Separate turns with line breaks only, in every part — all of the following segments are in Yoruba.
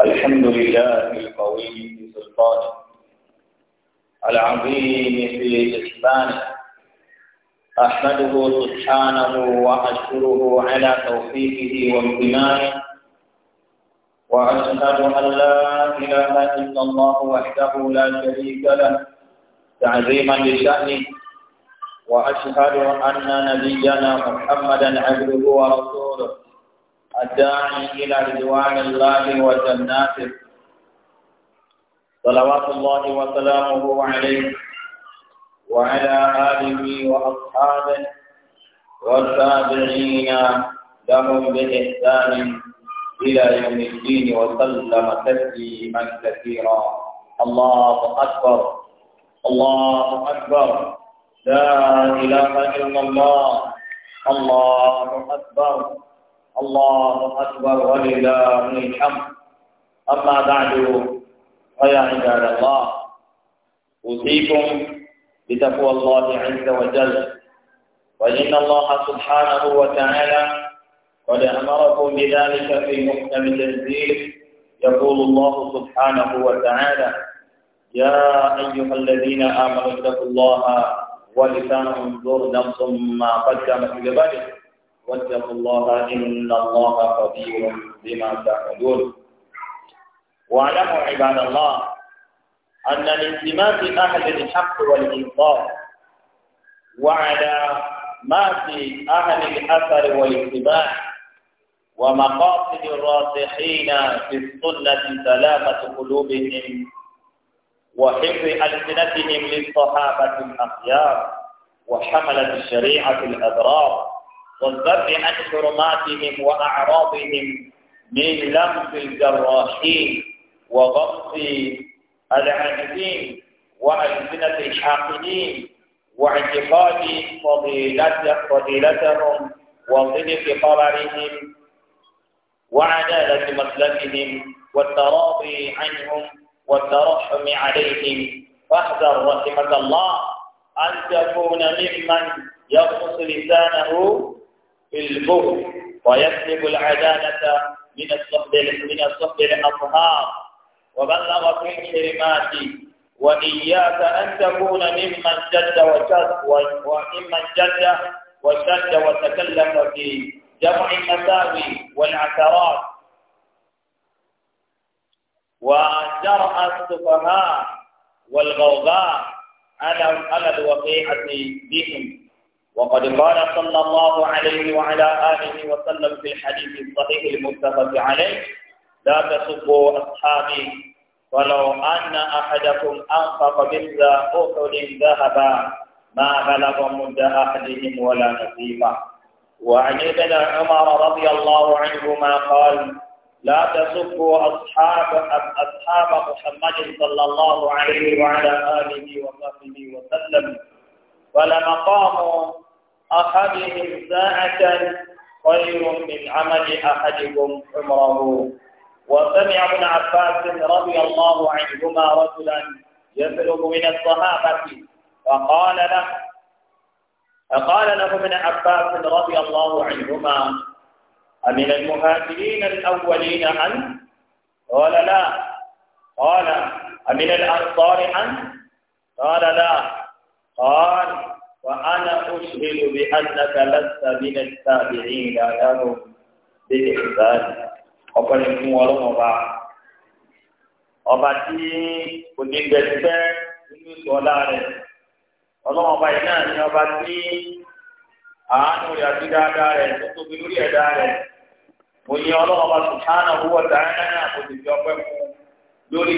الحمد لله القوي في سلطانه العظيم في إسبانه أحمده سبحانه وأشكره على توفيقه وامتنانه وأشهد أن لا إله إلا الله وحده لا شريك له تعظيما لشأنه وأشهد أن نبينا محمدا عبده ورسوله الداعي إلى رضوان الله وجناته صلوات الله وسلامه عليه وعلى آله وأصحابه والتابعين لهم بإحسان إلى يوم الدين وسلم تسليما كثيرا الله أكبر الله أكبر لا إله إلا الله الله أكبر الله أكبر ولله الحمد أما بعد فيا عباد الله أوصيكم بتقوى الله عز وجل وإن الله سبحانه وتعالى قد أمركم بذلك في محكم التنزيل يقول الله سبحانه وتعالى يا أيها الذين آمنوا اتقوا الله ولسانهم انظر نفس ما قدمت لغده واتقوا الله إن الله خبير بما تعملون واعلموا عباد الله أن لالتماس أهل الحق والإنصاف وعلى في أهل الأثر والاتباع ومقاصد الراسخين في السنة سلامة قلوبهم وحفظ ألسنتهم للصحابة الأخيار وحملة الشريعة الأبرار والبر عن حرماتهم وأعراضهم من لمس الجراحين وغمس العاكفين وألسنة الحاقدين واعتقاد فضيلتهم وصدق قرارهم وعدالة مسلكهم والتراضي عنهم والترحم عليهم فاحذر رحمك الله أن تكون ممن يقص لسانه بالبغض ويسلب العدالة من الصحب من الصحب الأطهار وبلغ في الحرمات وإياك أن تكون ممن جد وشد وممن جد وشد وتكلم في جمع المساوي والعثرات وجرأ السفهاء والغوغاء على على الوقيعة بهم وقد قال صلى الله عليه وعلى آله وسلم في الحديث الصحيح المتفق عليه لا تسبوا أصحابي ولو أن أحدكم أنفق مثل أحد ذهبا ما بلغ مد أحدهم ولا نصيبا وعن ابن عمر رضي الله عنهما قال لا تسبوا أصحاب أصحاب محمد صلى الله عليه وعلى آله وصحبه وسلم ولمقام أحدهم ساعة خير من عمل أحدكم عمره وسمع ابن عباس رضي الله عنهما رجلا يسلم من الصحابة فقال له فقال له ابن عباس رضي الله عنهما أمن المهاجرين الأولين أنت؟ قال لا قال أمن الأنصار أنت؟ قال لا قال وأنا أشهد بأنك لست من التابعين لهم بالإحسان ọpẹ́ fún ọlọ́run ọba ọba tí onígbẹgbẹ nínú ìsọlá rẹ̀ ọlọ́run ọba yìí náà ni ọba tí àánú rẹ̀ àti dáadáa rẹ̀ tó tóbi lórí mo ọba náà kò sì fi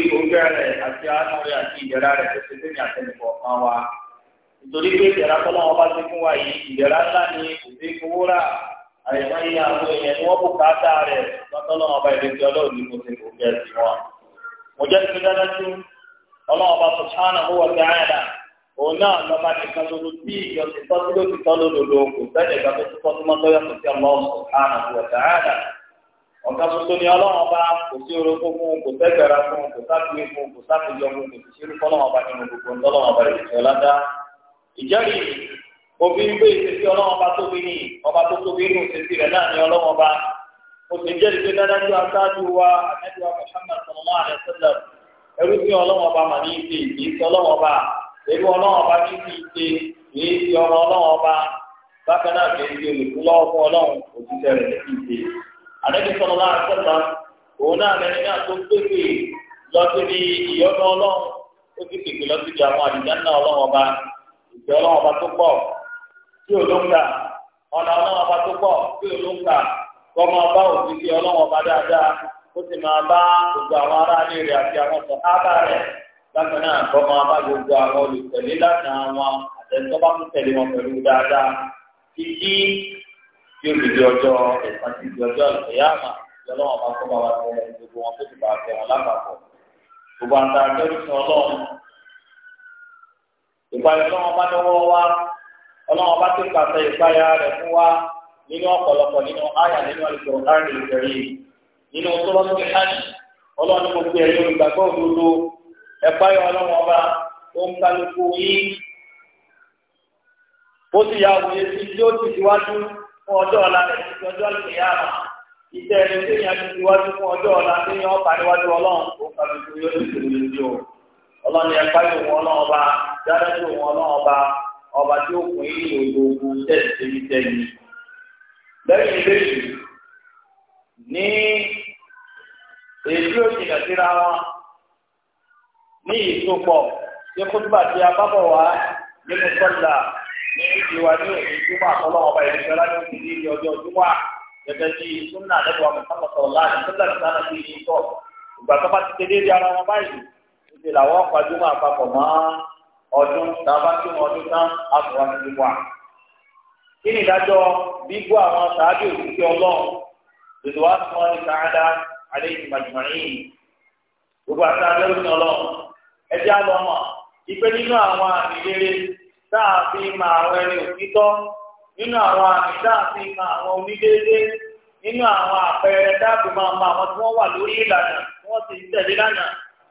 fún lórí àti àánú àti tó ṣe wa. nítorí pé ìdẹ̀ra tọ́lá wọn bá ti fún wa yìí ìdẹ̀ra ńlá ni kò sí owó rà àyẹ̀mọ́ yìí àwọn èèyàn ni wọ́n kò ká dá rẹ̀ lọ́tọ́lá wọn bá ìrètí ọlọ́run ní kò sí kò jẹ́ sí wọn. mo jẹ́ sí dájú ọlọ́run bá sọ sáánà owó ọ̀gá àyàdá òun náà lọ́ba nìkan lóru tí ìjọ ti tọ́ sí lóti tọ́ lódodo kò sẹ́lẹ̀ ìgbà tó tọ́ sí mọ́tọ́ yàtọ̀ sí ọlọ́run sọ sáánà owó ọ̀gá àyàdá ìjẹ́rì òbí ń gbé ìṣesí ọlọ́wọ́n ọba tóbi ní ọba tó tóbi nínú ìṣesí rẹ̀ náà ní ọlọ́wọ́n ọba ó sì ń jẹ́rì pé wa àtẹ́jú àrẹ ẹrú sí ọlọ́wọ́n ọba mà ní sí ọlọ́wọ́n ọba ẹrú ọlọ́wọ́n ọba ọmọ ọlọ́wọ́n ọba bákan náà kì í ṣe òṣìṣẹ́ rẹ̀ ìfẹ́ ọlọ́run ọba tó pọ̀ tí ò ló ń kà ọ̀nà ọlọ́run ọba tó pọ̀ tí ò ló ń kà kọ́ máa bá òfin sí ọlọ́run ọba dáadáa ó sì máa bá gbogbo àwọn ará ilé rẹ̀ àti àwọn sọ̀hábà rẹ̀ bákan náà kọ́ máa bá gbogbo àwọn olùtẹ̀lé lánàá wọn àtẹ̀tọ́ bá tún tẹ̀lé wọn pẹ̀lú dáadáa títí tí ó dìde ọjọ́ ẹ̀sán ti di ọjọ́ ìfẹ̀yàmà lọ́wọ́ bá kọ́ bá wa tẹ̀lé gbogbo wọn tó ti bá fẹ́ wọn lápapọ̀ gbogbo àtàkẹ́ ìpayọ ọlọ́wọ́n bá dọ́wọ́ wa ọlọ́wọ́n bá ti pàṣẹ ìpayà rẹ̀ fún wa nínú ọpọlọpọ nínú àyà nínú àlùkò láàrin ìfẹ̀rí nínú tọ́lọ́sọ̀kì hajj ọlọ́wọ́n ní gbogbo ẹ̀yọ́ òdodo ń kálukú ó sì yà wòye sí tí ó ti fún ẹni tí ti fún tí ọlọ́ni ẹ̀ka yóò wọ́n náà ọba dáná yóò wọ́n náà ọba ọba tí ó kún yìí lòdò ogun tẹ̀sí lẹ́yìn lẹ́yìn ní èyí ó jìnà síra wọn ní ìsopọ̀ tí kúndùbà tí a bá bọ̀ wá nínú ní ìwà ní òní ọba ìrìnsẹ̀ láti ìdí ọjọ́ gẹ́gẹ́ bí ìṣe làwọn pàdúmọ̀ àpapọ̀ mọ́ ọdún tàbá tí wọn ọdún tán àbúrò àti wà. kí ni ìdájọ́ bíbú àwọn sàábì òkúté ọlọ́run lòdì wá sí wọn ní káàdá alẹ́ ìmọ̀jùmọ̀rin gbogbo àti abẹ́rù ní ọlọ́run ẹjẹ́ àlọ́mọ̀ ìpè nínú àwọn àmì rere tá a fi máa àwọn ẹni òtítọ́ nínú àwọn àmì tá a àwọn onídéédé nínú àwọn àpẹẹrẹ dáàbò máa ma àwọn tí wọ́n wà lórí ìlànà tí wọ́n sì ń lánàá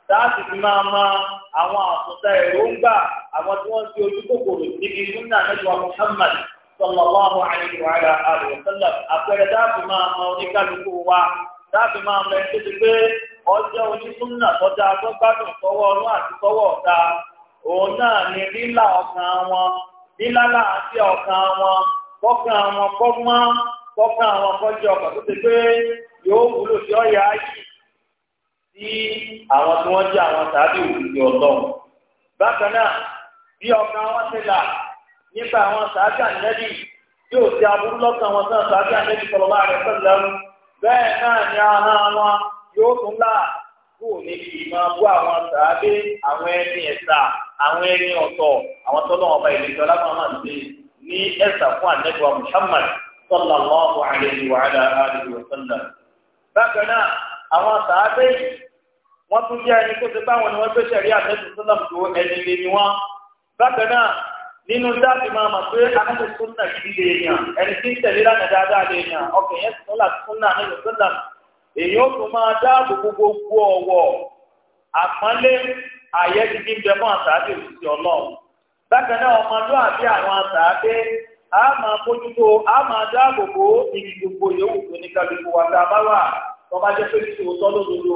láti fi máa ma àwọn àtúntà èròǹgbà àwọn tí wọ́n fi ojú kòkòrò níbi súnà nípa Muhammad sallallahu alayhi wa alayhi wa sallam àpẹẹrẹ láti máa ma oníkálukú wa láti máa ma ẹni tó ti pé ọjọ́ onísúnà tọ́jà agbọ́gbádùn tọwọ́ ọlọ́ àti tọwọ́ ọ̀tá òun náà ni lílà ọkàn wọn lílà láti ọkàn wọn kọ́kàn wọn kọ́ mọ́ kọ́kàn wọn kọ́jọ́ ọkàn tó ti pé yóò wúlò sí ọ̀yà yìí sí àwọn tí wọ́n jẹ́ àwọn tàbí òkùnkùn ọlọ́run bákan náà bí ọkàn wọn ti là nípa àwọn tàbí ànẹ́bí yóò ti aburú lọ́kàn wọn sàn tàbí ànẹ́bí sọ̀rọ̀ láàrin sọ̀lẹ́rù bẹ́ẹ̀ náà ni ahọ́n wọn yóò tún là kú ní ìmọ̀ bú àwọn tàbí àwọn ẹni ẹ̀sà àwọn ẹni ọ̀tọ̀ àwọn tọ́lọ́ ọba ìlẹ̀jọ́ lábàá máa ní ẹ̀sà fún Muhammad sallallahu alayhi wa ala alihi wa wọ́n tún jẹ́ ẹni tó ti báwọn ni wọ́n gbé sẹ̀rí àtẹ́sùn sọ́làm tó ẹni lè ní wọ́n. bákan náà nínú dáàbì máa mọ̀ pé anáṣẹ súnà yìí lè yàn ẹni tí ń tẹ̀lé lánàá dáadáa lè yàn ọkàn yẹn sọ́là súnà nínú sọ́làm èyí ó tún máa dáàbò gbogbo ọ̀wọ̀ àpọ́nlé àyẹ́ ti ní bẹ fún àtàdé òṣìṣẹ́ ọlọ́run bákan náà ọmọlúwàbí àwọn àtàdé a máa mójútó a máa dáàbò bo ibi gbogbo yòówù tó ní kálukú wa tá a bá wà tó bá jẹ́ pé kí tòótọ́ lódodo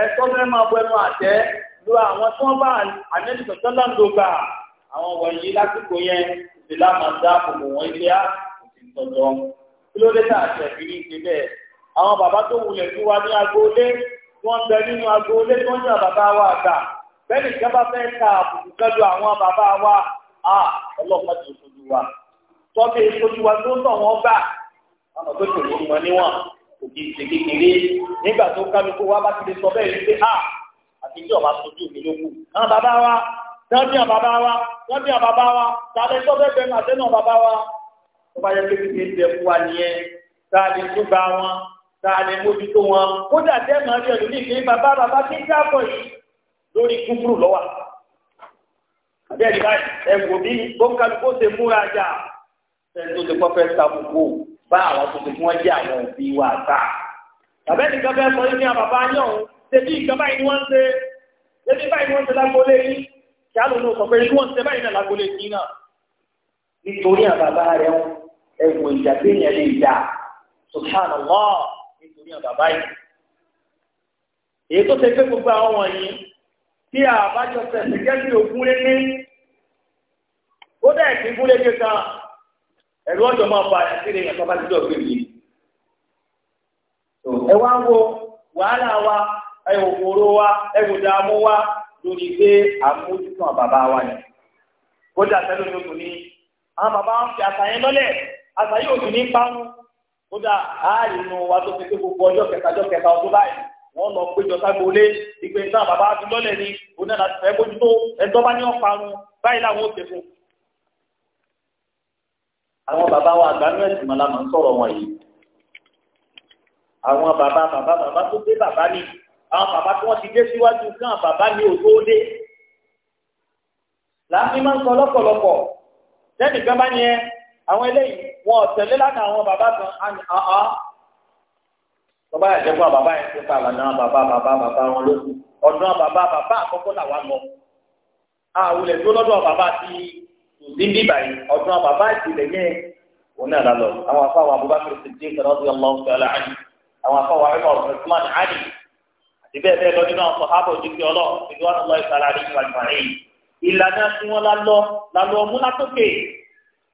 ẹ̀tọ́ mẹ́rin máa bọ ẹnu àtẹ́ lu àwọn tí wọ́n bá ànẹ́bí sọ̀tọ́ láǹdó gbà àwọn wọ̀nyí lásìkò yẹn ti lámàdá kòkò wọ́n ilé á ah, kò sì tọ̀tọ̀ kí ló dé tàà tẹ̀ fi ní ṣe bẹ́ẹ̀ àwọn bàbá tó wulẹ̀ sí wa ní agboolé wọ́n bẹ nínú agboolé tó ń yàn bàbá wa àgbà bẹ́ẹ̀ni ìjọba fẹ́ ta àbùkù kẹ́lu àwọn bàbá wa a ah, ọlọ́pàá ti sojú wa tọ́kì sojú wa tó tọ̀ wọ́n gbà àwọn tó kò kì nígbà tó kálukú wa bá ti lè sọ bẹ́ẹ̀ yìí pé a àti tí ọba sojú mi ló kù àwọn bàbá wa tẹ́lẹ̀ àwọn bàbá wa tẹ́lẹ̀ àwọn bàbá wa tàbí tó bẹ́ẹ̀ bẹ́ẹ̀ máa tẹ́lẹ̀ àwọn bàbá wa tó bá yẹ kékeré bẹ fún wa nìyẹn tá a lè tún gba wọn tá a lè mójútó wọn kódà tẹ́ màá rí ẹ̀rù ní ìpín bàbá bàbá tí ń dáàbọ̀ yìí lórí kúkúrú lọ́wà àbẹ́rẹ́ báyìí ẹ̀wò bí gbọ́nkálukó ṣe múra jà ẹni tó ti kọ́ fẹ́ sàkókò bá àwọn tó ti fún wọn jẹ́ àwọn tàbẹ́ nìkan fẹ́ sọ ní àbàbá yàn òun tẹbí nǹkan báyìí ni wọ́n ń ṣe tẹbí báyìí ni wọ́n ń ṣe lágbólé yín kí á lóun sọ pé ní wọ́n ń ṣe báyìí náà lágbólé yín náà nítorí àbàbá rẹ̀ ń ẹ̀wọ̀ ìjà tí èèyàn lè yà subhanallah nítorí àbàbá yìí èyí tó ṣe pé gbogbo àwọn wọ̀nyí tí àbájọ fẹsẹ̀ kẹ́sì ògún lé ní ó dẹ̀ ẹ wá ń wo wàhálà wa ẹ wò wa ẹ wò dààmú wa lórí pé àmójútó bàbá wa ni kódà sẹ́lẹ̀ ló tún ní àwọn bàbá wọn fi àṣà lọ́lẹ̀ àṣà yóò tún ní pamọ́ kódà ààrẹ inú wa tó fi pé gbogbo ọjọ́ kẹta ọjọ́ kẹta ọdún báyìí wọ́n lọ péjọ ságbólé ìgbé náà bàbá fi lọ́lẹ̀ ni òun náà láti fẹ́ bójútó ẹjọ́ bá ní ọ̀parun báyìí làwọn ò ṣe fún. àwọn bàbá wa àgbà àwọn bàbá bàbá bàbá tó dé bàbá ni àwọn bàbá tí wọ́n ti dé síwájú kan bàbá ni ò tó dé láàfin máa ń sọ lọ́pọ̀lọpọ̀ lẹ́nìkan bá yẹn àwọn eléyìí wọn ò tẹ̀lé lánàá àwọn bàbá kan àní àá ah, ah. bàbá yẹn jẹ́ fún àwọn bàbá yẹn tó ta àlànà bàbá bàbá bàbá wọn ló kù ọ̀dọ́ bàbá bàbá àkọ́kọ́ làwa lọ àwùlẹ̀ tó lọ́dọ̀ bàbá ti tòsí bíbà yìí ọ̀dọ́ bàbá ìtìlẹ̀ yẹn òun náà lálọ́ àwọn afáwọn Abubakar Siddiq radiyallahu ta'ala anhu àwọn afọwọ́ ẹ̀rọ ọ̀sán ali àti bẹ́ẹ̀ bẹ́ẹ̀ lọ nínú àwọn sọ̀hábọ̀ ojú kí ọlọ́ ìlú wọn lọ ìsàlẹ̀ àrí ìwà ìwà rẹ̀ yìí ìlànà tí wọ́n lálọ́ lálọ́ mú látòkè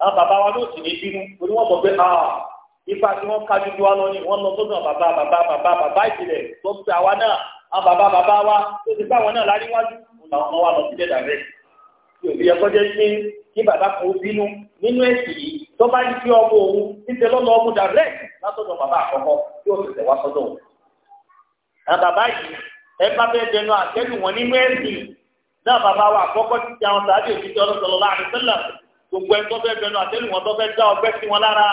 àwọn bàbá wa ló sì ní bínú orí wọn mọ̀ pé ah, ipa tí wọ́n kájú ju wa lọ ni wọ́n lọ sọ́dọ̀ bàbá bàbá bàbá bàbá ìjìnlẹ̀ tó ń àwa náà àwọn bàbá bàbá wa tó ti báwọn náà lárí làwọn wa lọ sílẹ̀ tó bá ń fi ọmọ òun níṣẹ́ lọ́nà ọmọ direct látọ̀dọ̀ bàbá àkọ́kọ́ yóò tẹ̀sẹ̀ wá sọ́dọ̀ òun. na bàbá yìí ẹ bá bẹ́ẹ̀ dẹnu àtẹ́lù wọn nínú ẹ̀sìn náà bàbá wa àkọ́kọ́ ti ti àwọn sàádé òṣìṣẹ́ ọlọ́sọ̀lọ́ láàrin sẹ́lẹ̀ gbogbo ẹ̀ tó fẹ́ dẹnu àtẹ́lù wọn tó fẹ́ dá ọgbẹ́ sí wọn lára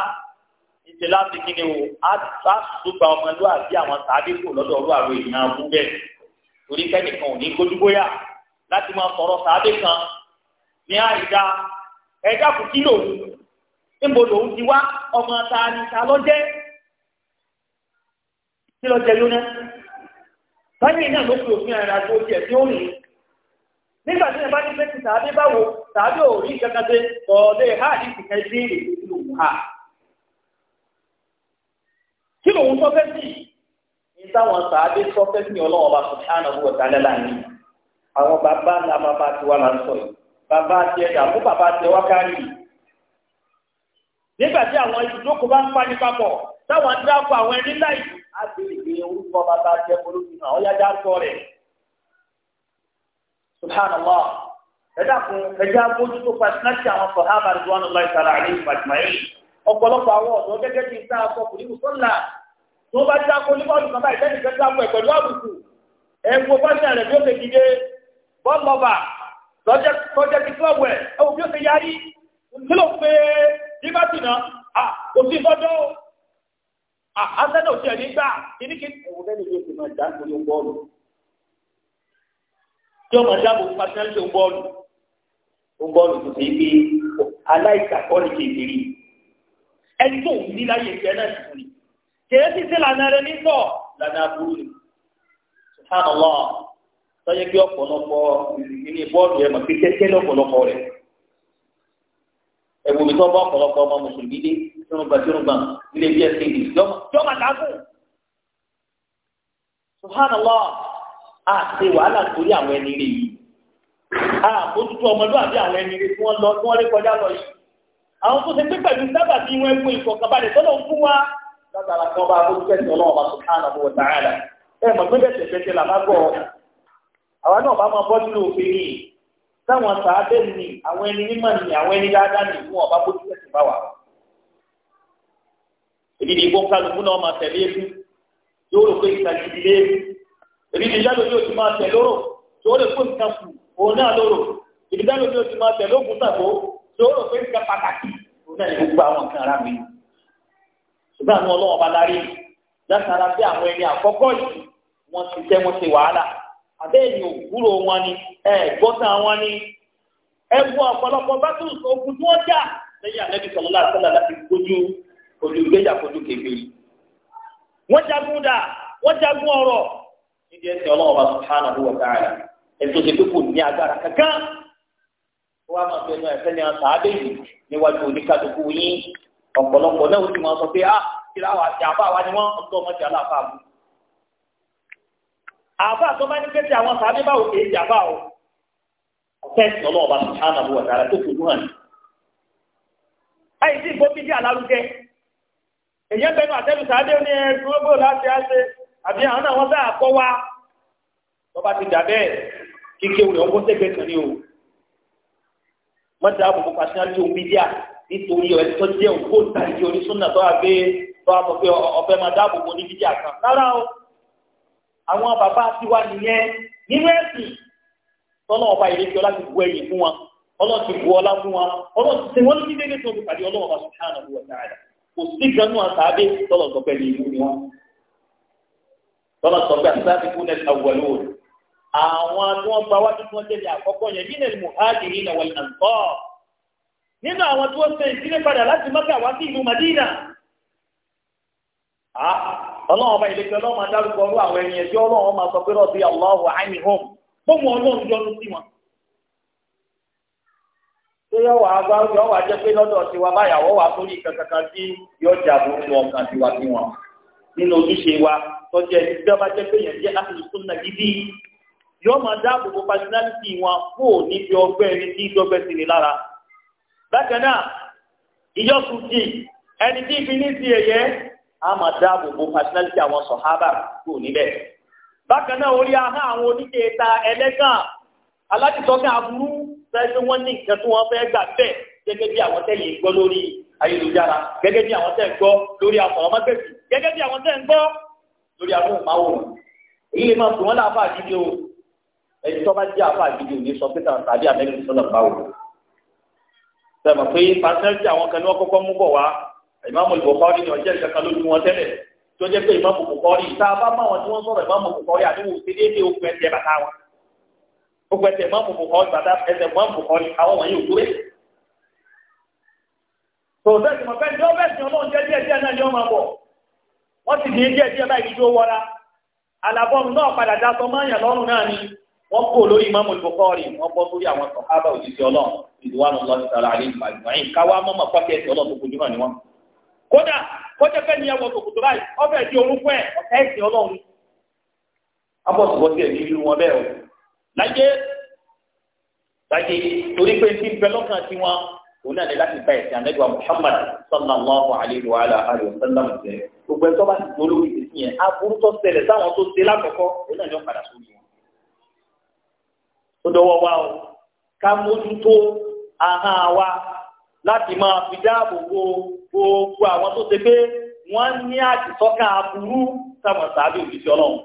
ìṣe láti kí ni o á tó gba ọmọlúwàbí àwọn sàádé kù lọ́dọ̀ ọlú àrò ìyìn náà fún bẹ́ẹ̀ torí kẹ́nìkan ò ní kójúbóyà láti máa sọ̀rọ̀ sàádé kan ní àìdá ẹ̀dá kù kí lòun níbo lòun ti wá ọmọ ta ni ta ló jẹ́ kí ló jẹ lónà báyìí náà ló fi òfin ara tó jẹ tí ó rìn nígbà tí ẹ bá ní pé ti tàbí báwo tàbí ò rí nǹkan ọ̀ọ́dẹ ha ní ìkẹ́ sí èrè tó lù ha kí lòun sọ fẹ́ sí ní táwọn tàbí sọ fẹ́ sí ọlọ́wọ́ bá sọ ṣáà náà wọ̀ tálẹ́ láàrin àwọn bàbá ńlá bàbá tiwa là yìí bàbá tiẹ̀ dà bàbá tiẹ̀ wákàrí yìí. nígbà tí àwọn ìjókòó bá ń pa ní papọ̀ táwọn ń dáko àwọn ẹni láì orúkọ bàbá jẹ àwọn yájá ń sọ rẹ subhanallah ẹ̀dá kun ẹ̀dá bójú tó pa sinasi àwọn sọ̀hábà rẹ̀ wọn lọ́ọ́ ìtara àlẹ́ ìfàjìmáyé ọ̀pọ̀lọpọ̀ àwọn ọ̀dọ́ gẹ́gẹ́ bí sáà sọ kò ní mùsọ́là tó bá dáko kan báyìí tí bá sì náà à kò sí fọ́dọ́ o à asẹ́nà ò tiẹ̀ ní gbà kíní kí. ẹ̀wọ̀n bẹ́ẹ̀ ni yóò fi máa dá nítorí bọ́ọ̀lù tí ọmọ dáàbò pàṣẹ ń bọ́ọ̀lù ń bọ́ọ̀lù tó ṣe pé aláìsàkọ́lì kékeré ẹni tó ń bí láyé ìfẹ́ náà sì fún mi kèé sì sí lànà rẹ nítọ̀ lànà àbúrò ni subhanallah sọ yẹ kí ọ̀pọ̀lọpọ̀ ìrìnnì bọ́ọ̀lù ẹ̀ mọ̀ pé kẹ́kẹ́ lọ́pọ̀lọpọ̀ rẹ̀ ẹ̀wù mi tó bá ọ̀pọ̀lọpọ̀ ọmọ mùsùlùmí dé tìrùgbà tìrùgbà ilé bí ẹsẹ̀ ìdí jọ́mà lágùn. subhanallah a ṣe wàhálà torí àwọn ẹni rè yìí a mójútó ọmọlúwàbí àwọn ẹni rè tí wọ́n lọ tí wọ́n lé kọjá lọ yìí àwọn tó ṣe pé pẹ̀lú sábà tí wọ́n ẹ̀kú ìfọ̀kànbalẹ̀ tọ́lọ̀ ń fún wa látara kan bá bójú tẹ̀sí ọlọ́run bá subhanahu wa ta'ala ẹ̀ mọ̀ pé bẹ́ẹ̀ tẹ̀sẹ̀ tẹ̀ làbá gbọ́ àwọn náà bá máa bọ́ nínú òfin yìí táwọn sàábẹ́ ni àwọn ẹni mímọ́ ni àwọn ẹni dáadáa ni ìwọ̀n ọba bójú ẹ̀sìn bá wà. èmi ni ìbò kálukú náà máa tẹ̀lé ebi yóò rò pé ìta gidi lé ebi èmi ni ìyálò yóò ti máa tẹ̀ lóró tó lè kó nǹkan kù òun náà lóró ìdílálò yóò ti máa tẹ̀ lóògùn tàbó tó rò pé nǹkan pàtàkì òun náà ni gbogbo àwọn nǹkan ara mi. ṣùgbọ́n àwọn ọlọ́wọ́n bá lárí látara pé àwọn ẹni àkọ́kọ́ yìí wọ́n ti tẹ́ wọ́n ti wàhálà àbẹ́ẹ̀yìn òwúrò wọn ni ẹ̀gbọ́ta wọn ni ẹwọ ọ̀pọ̀lọpọ̀ bá ogun tí wọ́n jà lẹ́yìn àlẹ́bí sọ̀rọ̀ láàtọ́lá láti gbójú ojú fojú kébé wọ́n jagun dà wọ́n jagun ọ̀rọ̀ nídìí ẹsẹ̀ ọlọ́wọ́ bá kò ní agbára kankan ah, wọ́n á máa fẹ́ ẹ̀fẹ́ yìí àbá tó bá ní pé àwọn sàbí báwo èyí àbá o ọ̀fẹ́ ìsọ̀lọ́ ọba sùhánà bó ọ̀tàrà tó fojú hàn ní. àìsí ìgbó bídí àlárúgẹ èyí ẹgbẹ́ náà àtẹ́lù sàádé ní ẹgbẹ́ gbogbo láti ṣe àbí àwọn náà wọ́n bá ti dà bẹ́ẹ̀ kíkẹ́ òun ọgbọ́n ní o àbùkù àwọn bàbá tiwa nìyẹn nínú ẹ̀sìn tọ́lọ́ ọba ìrètí ọlá ti bu ẹ̀yìn fún wọn ọlọ́ ti bu ọlá fún wọn ọlọ́ ti ṣe wọ́n ní dédé tó pàdé ọlọ́wọ́ bá subhanahu wa ta'ala kò sí ganú àtàdé tọ́lọ̀ sọ pẹ̀lú ìlú ni wọn. tọ́lọ̀ sọ pé àtàdé kú nẹ́ẹ̀ta wọ̀lú rẹ̀ àwọn tí wọ́n gba wájú tí wọ́n tẹ̀lé àkọ́kọ́ yẹn bí nẹ́ẹ̀lì muhajirin wal ansar nínú àwọn tí wọ́n ṣe ìdílé padà láti Mẹ́kà wá sí ìlú Madina ah, ọlọ́run ọmọ ìlẹ́kẹ́ ọlọ́run máa dárúkọ ọrú àwọn ẹni ẹjọ́ ọlọ́run máa sọ pé aláwọ̀ àìní hom gbogbo ọlọ́run yọ́nú sí wọn. tó yọ wà wà jẹ́ pé lọ́dọ̀ wà sórí sí yọjà sí wọn nínú ojúṣe wa tọ́jú ẹni bí jẹ́ pé yẹn jẹ́ a máa dáàbò bo personality àwọn sọ̀hábà kò níbẹ̀. bákan náà orí ahọ́n àwọn oníkèéta ẹlẹ́gàn alátìtọ́kẹ́ aburú sẹ́yìn wọ́n ní nǹkan tí wọ́n fẹ́ gbà bẹ́ẹ̀ gẹ́gẹ́ bí àwọn tẹ̀yìn gbọ́ lórí ayélujára gẹ́gẹ́ bí àwọn tẹ̀ ń gbọ́ lórí afọ̀rọ̀mọ́gbèsì gẹ́gẹ́ bí àwọn tẹ̀ ń gbọ́ lórí amóhùnmáwòrán èyí lè máa pè wọ́n láàfà àdídì o ẹni tó bá jẹ́ àfà àdídì ò ní sọ pé tàbí àmẹ́rin sọ́nà báwò. sẹ́mi pé pàṣẹ́ntì àwọn kan ní wọ́n kọ́kọ́ mú bọ̀ wá ìmáàmù Bukhari ni ọjọ́ ìkẹta ló ju wọn tẹ́lẹ̀ tó jẹ́ pé ìmáàmù Bukhari tá a bá bá wọn tí wọ́n sọ̀rọ̀ ìmáàmù Bukhari àdéhùn ṣe déédéé okùn ẹsẹ̀ bàtà wọn okùn ẹsẹ̀ ìmáàmù Bukhari bàtà ẹsẹ̀ ìmáàmù Bukhari àwọn wọ̀nyí ò tó bẹ́ẹ̀. tòótọ́ ìmọ̀ fẹ́ ní ọ́fẹ́ sí ọlọ́run jẹ́ díẹ̀ díẹ̀ náà ni ọmọ bọ̀ wọ́n ti dín díẹ̀ díẹ̀ báyìí tó wọra alábọ́ọ̀nù náà padà dá sọ máyàn lọ́rùn náà ni wọ́n kó lórí ìmáàmù Bukhari wọ́n bọ́ sórí àwọn sọ̀hábà òjijì ọlọ́run ìdíwánu lọ́sítàlá àlè ìgbàgbọ́n yìí káwá mọ́mọ́ pọ́kẹ́tì ọlọ́run tó kojú náà ni wọ́n. kódà kọjá fẹ́ ni ẹwọ tòkòtò báyìí ọbẹ̀ di orúkọ ẹ̀ ẹ̀sìn ọlọ́run wọn bẹ́ẹ̀ o láyé láyé torí pé bẹ lọ́kàn wọn òun náà láti bá ẹ̀sìn anẹ́gbà Muhammad sallallahu alayhi wa alayhi wa sallam ṣe gbogbo ẹ̀tọ́ bá ti ìdí sí yẹn aburú tó ṣẹlẹ̀ sáwọn tó ṣe wa láti máa fi dáàbò bo gbogbo àwọn tó ṣe pé wọ́n ní àtìsọ́kà aburú táwọn sàábì òṣìṣẹ́ ọlọ́run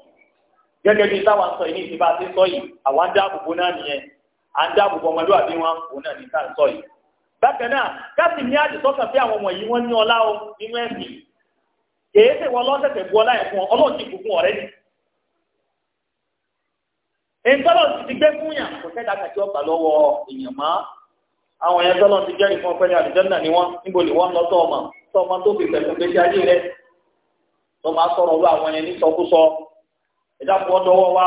gẹ́gẹ́ bí táwọn sọ yìí ní ìdíbà tí sọ yìí àwọn dáàbò bo náà nìyẹn à ń dáàbò bo ọmọlúwàbí wọn òun náà ní ká sọ yìí. bákan náà káàsì ní àtìsọ́kà pé àwọn wọ̀nyí wọ́n ní ọlá o nínú ẹ̀sìn kèé ṣe wọn lọ́sẹ̀sẹ̀ bu ọlá ẹ̀fún ọlọ́run ti bùkún ọ̀rẹ́ ti gbé fún yàn kò sẹ́dá kàtí ọ̀gbà lọ́wọ́ èèyàn máa àwọn ẹ̀yẹ́ tọ́lọ́ ti jẹ́rìí fún ọpẹ́ni àlùjànnà ni wọ́n níbo lè wọ́n lọ tọ́ ọmọ tọ́ ọmọ tó fi pẹ̀lú ayé rẹ tọ́ ma sọ̀rọ̀ lọ àwọn ẹni sọkúsọ ọdọwọ́ wa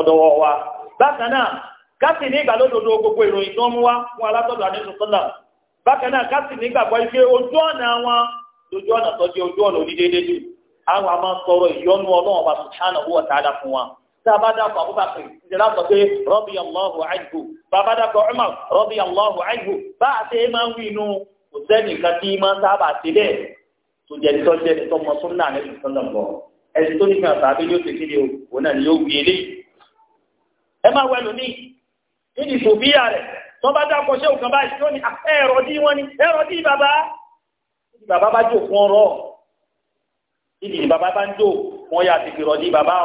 ọdọwọ́ wa. bákan náà káàsì ní ìgbàlódodo gbogbo ìròyìn tó ń wá fún alátọ́dọ̀ àdéhùn bákan náà káàsì ife ojú ọ̀nà wọn lójú ọ̀nà tá a bá dàpọ̀ abubakar ìjọba sọ pé rọ́bì allahu anhu bàbá dàpọ̀ umar rọ́bì allahu anhu bá a ṣe máa ń wí inú kò sẹ́ni kan tí máa ń sábà ṣe bẹ́ẹ̀ tó jẹ́ ní tọ́jú ẹni tó mọ súnà ní ìsúná bọ̀ ẹni tó nífẹ̀ẹ́ sàbẹ̀ yóò ṣe kíni o òun náà yóò wí eléyìí. ẹ máa wẹ̀lú ní nínú ìṣòbíyà rẹ̀ tó bá dàpọ̀ ṣé òkan báyìí tó ní ah, ẹ̀rọ dí wọn ni ẹ̀rọ dí bàbá bàbá bá jò fún ọ̀rọ̀ ti fi rọ̀ dí o.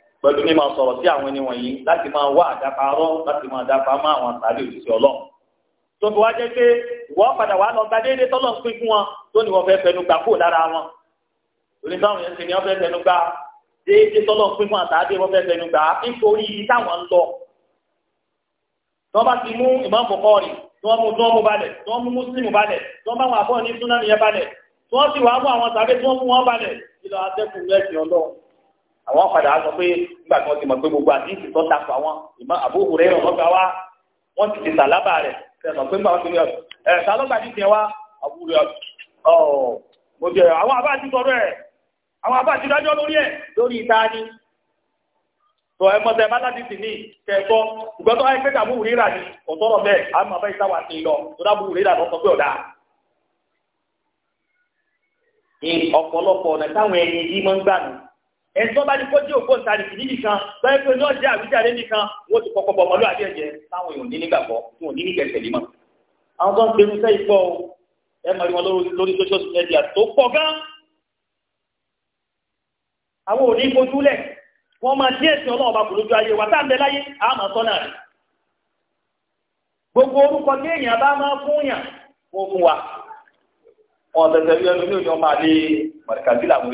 pẹ̀lú mímọ sọ̀rọ̀ sí àwọn ẹni wọ̀nyí láti máa wá àdáparọ́ láti máa dápa mọ́ àwọn àtàlẹ́ òṣìṣẹ́ ọlọ́run tó fi wá jẹ́ pé wọ́n padà wá lọ gba déédéé tọ́lọ̀ ń pín fún wọn tó ní wọ́n fẹ́ fẹnu gbà kó lára wọn oníbàwọn yẹn ti ní wọ́n fẹ́ fẹnu gbà déédéé tọ́lọ̀ ń pín fún àtàlẹ́ wọ́n fẹ́ fẹnu gbà nítorí táwọn ń lọ tí wọ́n bá ti mú ìmọ̀ kọ̀ọ̀kọ́ rì tí wọ́n mú àwọn padà sọ pé nígbà tí wọ́n ti mọ̀ pé gbogbo àdíìsì tó takò àwọn ìmọ̀ àbúrò rẹ̀ wọ́n gbà wá wọ́n ti ti sàlábà rẹ̀ sẹ̀sọ̀ pé nígbà wọ́n ti rí ẹ̀ sálọ́gbà ti tiẹ̀ wá àbúrò ọ̀ mo jẹ àwọn àbá ti sọ̀rọ̀ ẹ̀ àwọn àbá ti dájọ́ lórí ẹ̀ lórí ìta ni tọ ẹ mọ̀tẹ́ bá láti sì ní kẹ̀kọ́ ṣùgbọ́n tó ayé pé tàbí òwúrẹ́ rà ní ọ̀tọ́rọ̀ bẹ́ẹ̀ á máa bẹ́ ìsáwà sí lọ tó dábò òwúrẹ́ rà lọ́sọ pé ọ̀dà. ọ̀pọ̀lọpọ̀ ọ̀nà táwọn ẹni yìí máa ń gbà nù ẹ̀sọ́ bá ní kó jẹ́ òkú ìtàlìkì níbi kan báyẹ̀ pé náà jẹ́ àwíjàre nìkan wọ́n ti kọ́kọ́ bọ̀ ọmọlúwà bí ẹ̀jẹ̀ táwọn èèyàn ní nígbàgbọ́ tí wọ́n ní ní kẹsẹ̀ límọ̀. àwọn kan gbẹrú sẹ́ ìpọ̀ ẹ mọ̀ wọn lórí social media tó pọ̀ gan. àwọn ò ní fojúlẹ̀ wọ́n máa díẹ̀ sí ọlọ́run bá kòlójú ayé wa táà a máa sọ náà rẹ̀. gbogbo orúkọ tí èèyàn bá máa fún yàn wọ́n fún wa. wọn tẹ̀sẹ̀ rí ẹnu ní òjò máa lé mọ̀rẹ̀kàdí làwọn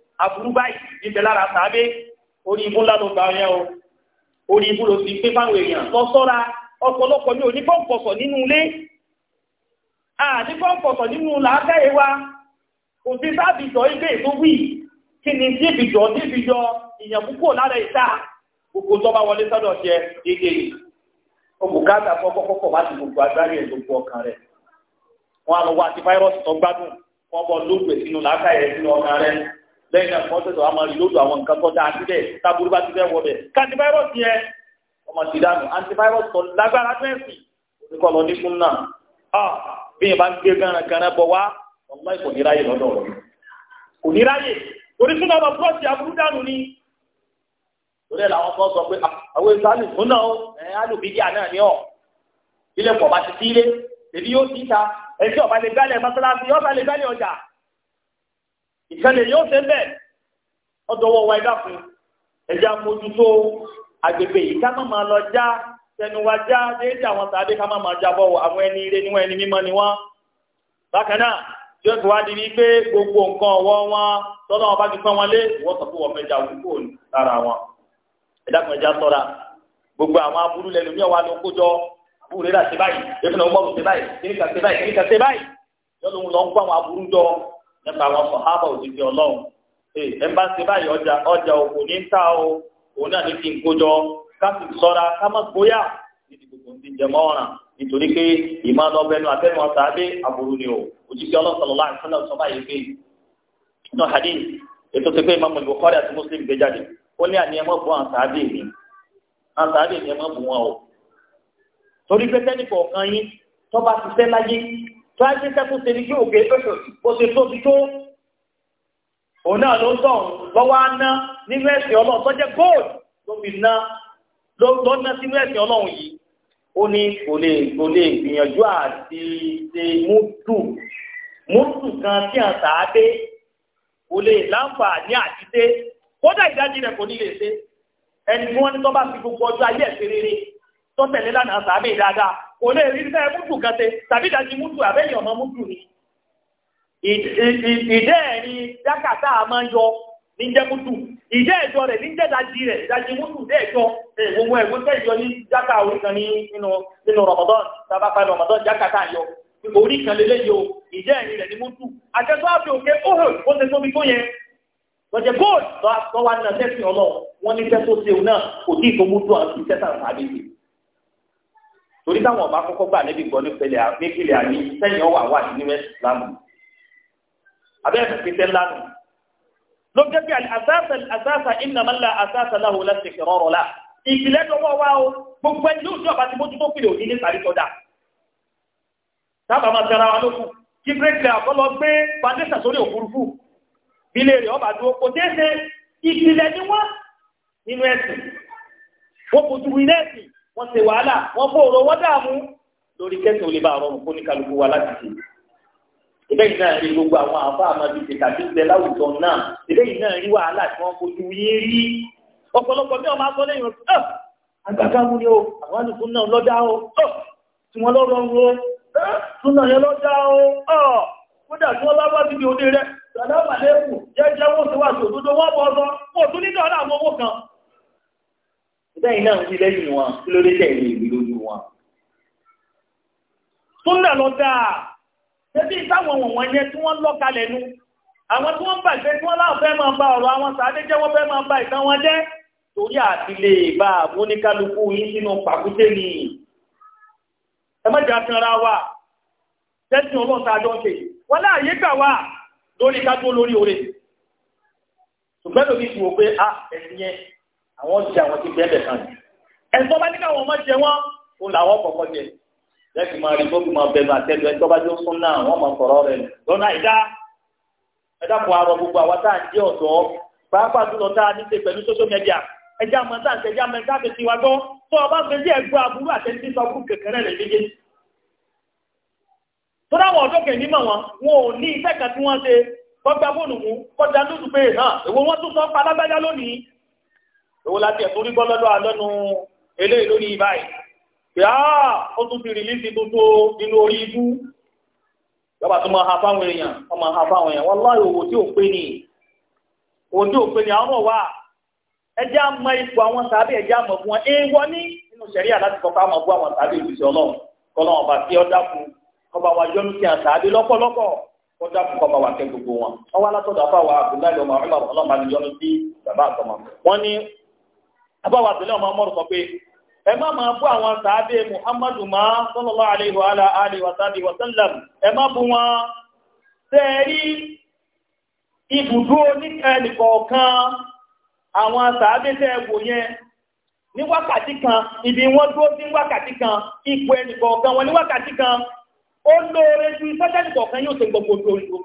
aburú báyìí níbẹ̀ lára sàábé orí ibú ńlá ló gbà ọyẹ o orí ibú ló ti pé fáwọn èèyàn lọ sọ́ra ọ̀pọ̀lọpọ̀ ní onípọ̀npọ̀sọ̀ nínú ilé àdípọ̀npọ̀sọ̀ nínú làákàyè wa kò sí sáàbì jọ ilé tó wì kí ni tí èbì jọ tí èbì jọ ìyàn púpọ̀ lára ìta gbogbo tó bá wọlé sọ́dọ̀ jẹ dédé òbùkátà fọ́kọ́kọ́kọ́ wá sí gbogbo agbárí ẹ̀ gbogbo ọkàn rẹ̀ wọ́n á lọ wá ti fáírọ́ọ̀sì tó gbádùn wọ́n bọ́ lóògbé sínú làákàyè sínú ọkàn rẹ̀ lẹ́yìn náà wọ́n tẹ̀sọ̀ àmọ́ ìlódò àwọn nǹkan tó dáa síbẹ̀ táburú bá ti fẹ́ wọ bẹ̀ kàntífáírọ́ọ̀sì yẹn ọmọ ti dànù antivirus tó lágbára tó ẹ̀sìn oníkọ́ lọ ní fún náà ah, bí yẹn bá ń gbé gánragánra bọ̀ wá ọmọ ìkò níráyè lọ́dọ̀ rẹ̀ kò níráyè torí fún ọmọ búrọ́ọ̀sì aburú dànù ni torí ẹ̀ làwọn kan sọ pé ah, àwọn èso alùpùpù náà ẹ̀ alùbídíà náà ni ọ̀ ilé pọ̀ bá ti ìkẹlẹ̀ yóò ṣe bẹ́ẹ̀ ọdọ̀wọ́ wa ẹ̀dá fún ẹ̀já mójútó agbègbè yìí ká má máa lọ já tẹnuwa já déédéé àwọn sàádé ká má máa jábọ̀ àwọn ẹni ire níwọ̀n ẹni mímọ́ ni wọ́n bákan náà yóò tó wá di ní pé gbogbo nǹkan ọwọ́ wọn tọ́lọ́ wọn bá ti pọ́n wọn lé wọ́n sọ pé wọ́n fẹ́ ja òkú lára wọn ẹ̀dá kan ẹja sọ́ra gbogbo àwọn aburú lẹ́nu mi ọ̀ wá ló kójọ aburú rẹ̀ dà ṣe báyìí ẹ̀fọn ọgbọ́n ṣe nípa àwọn sọ̀hábà òjijì ọlọ́run ẹ bá ṣe báyìí ọjà ọjà òkú ní ta o òun náà ní kí n kójọ ká sì sọ́ra ká má gbóyà níbi gbogbo ní jẹmọ́ ọ̀ràn nítorí pé ìmọ̀ ọlọ́bẹ̀nu abẹ́nu ọ̀sà abẹ́ àbúrú ni o òjijì ọlọ́run sallallahu sọ báyìí pé inú hadith ètò ti pé Imam Bukhari àti Muslim gbé jáde ó ní àní ẹmọ́ bọ́ àǹsà abẹ́ mi àǹsà abẹ́ mi ẹmọ́ bù wọn o torí pé tẹ́nìkọ̀ọ̀kan yín tó ti fẹ́ láyé sáájú sẹ́kù ṣe ní kí òkè tóṣù ó ṣe tóbi tó òun náà ló ń tọ̀ lọ́wọ́ á ná nínú ẹ̀sìn ọlọ́run tó jẹ́ gold ló fi ná ló ná sínú ẹ̀sìn ọlọ́run yìí ó ní kò lè kò lè gbìyànjú àti ṣe mútù mútù kan tí à ń sàádé kò lè láǹfààní àtidé kódà ìdájí rẹ̀ kò ní lè ṣe ẹni tí wọ́n ní tó bá fi gbogbo ọjọ́ ayé ẹ̀sìn rere tó tẹ̀lé lánàá sàábẹ̀ dáadáa kò lè rí fẹ́ mútu kàtẹ tàbí ìdájí mútu àbẹ́yìn ọmọ mútu ni ìdẹ́ ẹ̀rin dákàtà máa ń yọ ní jẹ́ mútu ìdẹ́ ẹ̀jọ rẹ̀ ní jẹ́ ìdájí rẹ̀ ìdájí mútu ìdẹ́ ẹ̀jọ gbogbo ẹ̀gbọ́ tẹ̀jọ ní jákà orí kan nínú Ramadan tàbá pa Ramadan jákàtà yọ orí kan lélẹ́ yọ ìdẹ́ ẹ̀rin rẹ̀ ní mútu àtẹ́tọ́ àfi òkè óhè ó ti tóbi tó yẹn lọ́jẹ́ góòlù lọ́wọ́ torí táwọn ọba kọ́kọ́ gbà níbi gbọ́ nípele àgbékèlè àní sẹ́yìn ọwà wà ní west islamu abẹ́rẹ́ pété lánà ló jẹ́ bí àsáàsà àsáàsà ìnàmọ́lá àsáàsà láhùn láti kẹrọ̀rọ̀ la ìpìlẹ̀ dọ́wọ́ wa o gbogbo ẹni yóò jọba tí mójútó pèlè òní ní sàrí sọdá sábà máa tẹra wa lókun kí bírèkì àkọlọ gbé fàdésà sórí òfurufú bílé rẹ̀ ọba dúró kò déédéé ìpìlẹ̀ ni wọ́n nínú ẹ̀sìn wọ́n kò ju ilé ẹ̀sìn wọ́n ṣe wàhálà wọ́n fòrò wọ́n dààmú lórí kẹ́sìn ò lè bá rọrùn fún oníkàlùkù wa láti ṣe. ìbẹ́yìn náà rí gbogbo àwọn àfa àmàbìsẹ̀ tàbí ìgbẹ́ láwùjọ náà ìbẹ́yìn náà rí wàhálà tí wọ́n fojú yín rí ọ̀pọ̀lọpọ̀ bí ọmọ akọ lẹ́yìn ọ̀sán ah, àgbàkámu ni o àwọn àlùkù náà lọ́dá o ah, tí wọ́n lọ́rọ̀ o, ro túnà ah, yẹn lọ́dá o kódà tí wọ́n lábá síbi òde rẹ̀ sàdámàlẹ́kù jẹ́jẹ́ wọ́n ti wà sí òdodo wọ́n bọ́ ọ̀sán wọ́n tún nígbà náà mọ́wọ́ kan bẹ́ẹ̀ náà ń fi lẹ́yìn wọn kí ló dé tẹ̀lé ìlú lójú wọn. súnà lọ dáa ṣébí táwọn wọ̀nwọ̀n yẹn tí wọ́n lọ́kalẹ̀ nu àwọn tí wọ́n bàjẹ́ tí wọ́n láwọn fẹ́ máa ba ọ̀rọ̀ àwọn sàádé jẹ́ wọ́n fẹ́ máa ba ìtàn wọn jẹ́ torí àti lè bá àbóníkálukú yín sínú pàkúté ni ẹ má jà tanra wa tẹ́sìn ọlọ́ta àjọ ń ṣe wọn láàyè gbà wá lórí ká tó lórí oore ṣùgbọ́n lórí ìṣòwò pé a ah, ẹ̀sìn yẹn àwọn jẹ àwọn tí bẹ́ẹ̀ bẹ̀ kan ni ẹ̀sọ́ bá ní káwọn ọmọ jẹ wọn ó làwọn kọ̀kọ́ jẹ lẹ́sìn máa rí gbogbo máa bẹnu àtẹ́lu ẹ̀sọ́ bá jó sún náà wọ́n máa sọ̀rọ̀ rẹ̀ lọ́nà ìdá ẹ̀dá kan àrọ̀ gbogbo àwa tá à ń jẹ́ ọ̀dọ́ pàápàá jùlọ tá a ní ṣe pẹ̀lú social media ẹ̀já mọ̀ tá à ń tẹ̀já mọ̀ tá a fi ti wá gbọ́ tó ọba fèsì ẹ̀gbọ́ àbúrò àtẹ̀sí sọ́kù kẹ̀kẹ́rẹ́ rẹ̀ méje. tó dáwọn ọ̀dọ́ kẹ̀ nímọ̀ wọn wọn ò ní iṣẹ́ kan tí wọ́n ṣe kọjá fóònù mú kọjá lóṣù pé hàn èwo wọn tún sọ pa lágbájá lónìí owó láti ẹ̀tún rí gbọ́lọ́dọ̀ àlọ́nu eléyìí lórí báyìí pé á ah, ó tún ti rìlíìsì tuntun nínú orí ibú yọba tó máa ha fáwọn èèyàn wọ́n máa ha fáwọn èèyàn wọ́n láyò owó tí ò pé ni owó tí ò pé ni àwọn ọmọ wa ẹjẹ́ àmọ́ ipò àwọn sàbẹ̀ ẹjẹ́ àmọ́ fún wọn èèwọ̀ ní nínú sẹ̀ríà láti kọ́kọ́ àmọ́ fún àwọn sàbẹ̀ ìlúṣẹ̀ ọlọ́run kọ́lọ́ ọba tí ọ dákun ọba wa yọnu sí àsàbẹ̀ lọ́pọ̀lọpọ̀ ó dákun kọ́ ọba wa kẹ́ gbogbo wọn ọwọ́ alátọ́dọ̀ afáwà àbúlá abáwọ àtẹlẹ ọmọ ọmọ rẹ sọ pé ẹ má máa bú àwọn sàábé muhammadu ma sallallahu alaihi wa ala alihi wa sahbihi wa sallam ẹ má bú wọn sẹẹrí ibùdó nìkọ̀ọ̀kan àwọn sàábé tẹ ẹ wò yẹn ní wákàtí kan ibi wọn dúró sí wákàtí kan ipò ẹnìkọ̀ọ̀kan wọn ní wákàtí kan ó lóore ju ìfẹ́tẹ́nìkọ̀ọ̀kan yóò ṣe gbogbo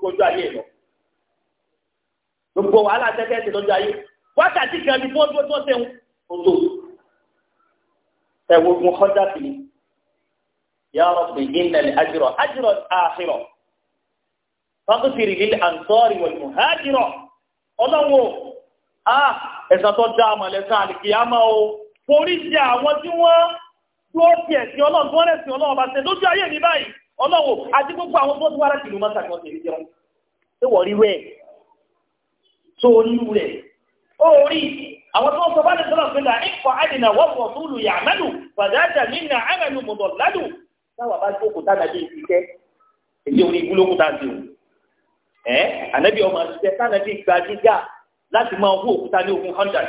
ojú ayé lọ gbogbo wàhálà tẹ́tẹ́ ṣe lọ́jọ́ ayé wákàtí kan ibi tí wọ́n dúró tí kótó ẹ̀wọ̀gùn kọjá fìlì yà rọ̀bì ìnàlẹ̀ àjùrọ̀ àjùrọ̀ àfihàn fàkùsìrì lílẹ̀ àǹtọ́rì wọ̀lùmù àjùrọ̀ ọlọ́wọ́ a ẹ̀sán tó dá àmàlẹ́sán àlìkìyàmá o forí jẹ àwọn tí wọ́n dúró ti ẹ̀sìn ọlọ́run tó rẹ̀sìn ọlọ́run bá ṣe lójú ayé mi báyìí ọlọ́wọ́ àti gbogbo àwọn tó wára kìlú mọ́ta kan tèmi jẹun ṣé wọ́n rí rẹ̀ tó orí rẹ̀ ó rí àwọn tó ń sọ báyìí sọ́lọ̀ pé láì kọ́ àdìnà wọ́n wọ̀ túlù yàmẹ́lù pàdájà nínà àmẹ́lù mọ̀dọ̀ lálù táwà bá jókòó tánàbí ìṣiṣẹ́ èyí orí gúlókù tàbí o ẹ ànábì ọmọ ṣiṣẹ́ tánàbí gba gíga láti máa hú òkúta ní ogun hundred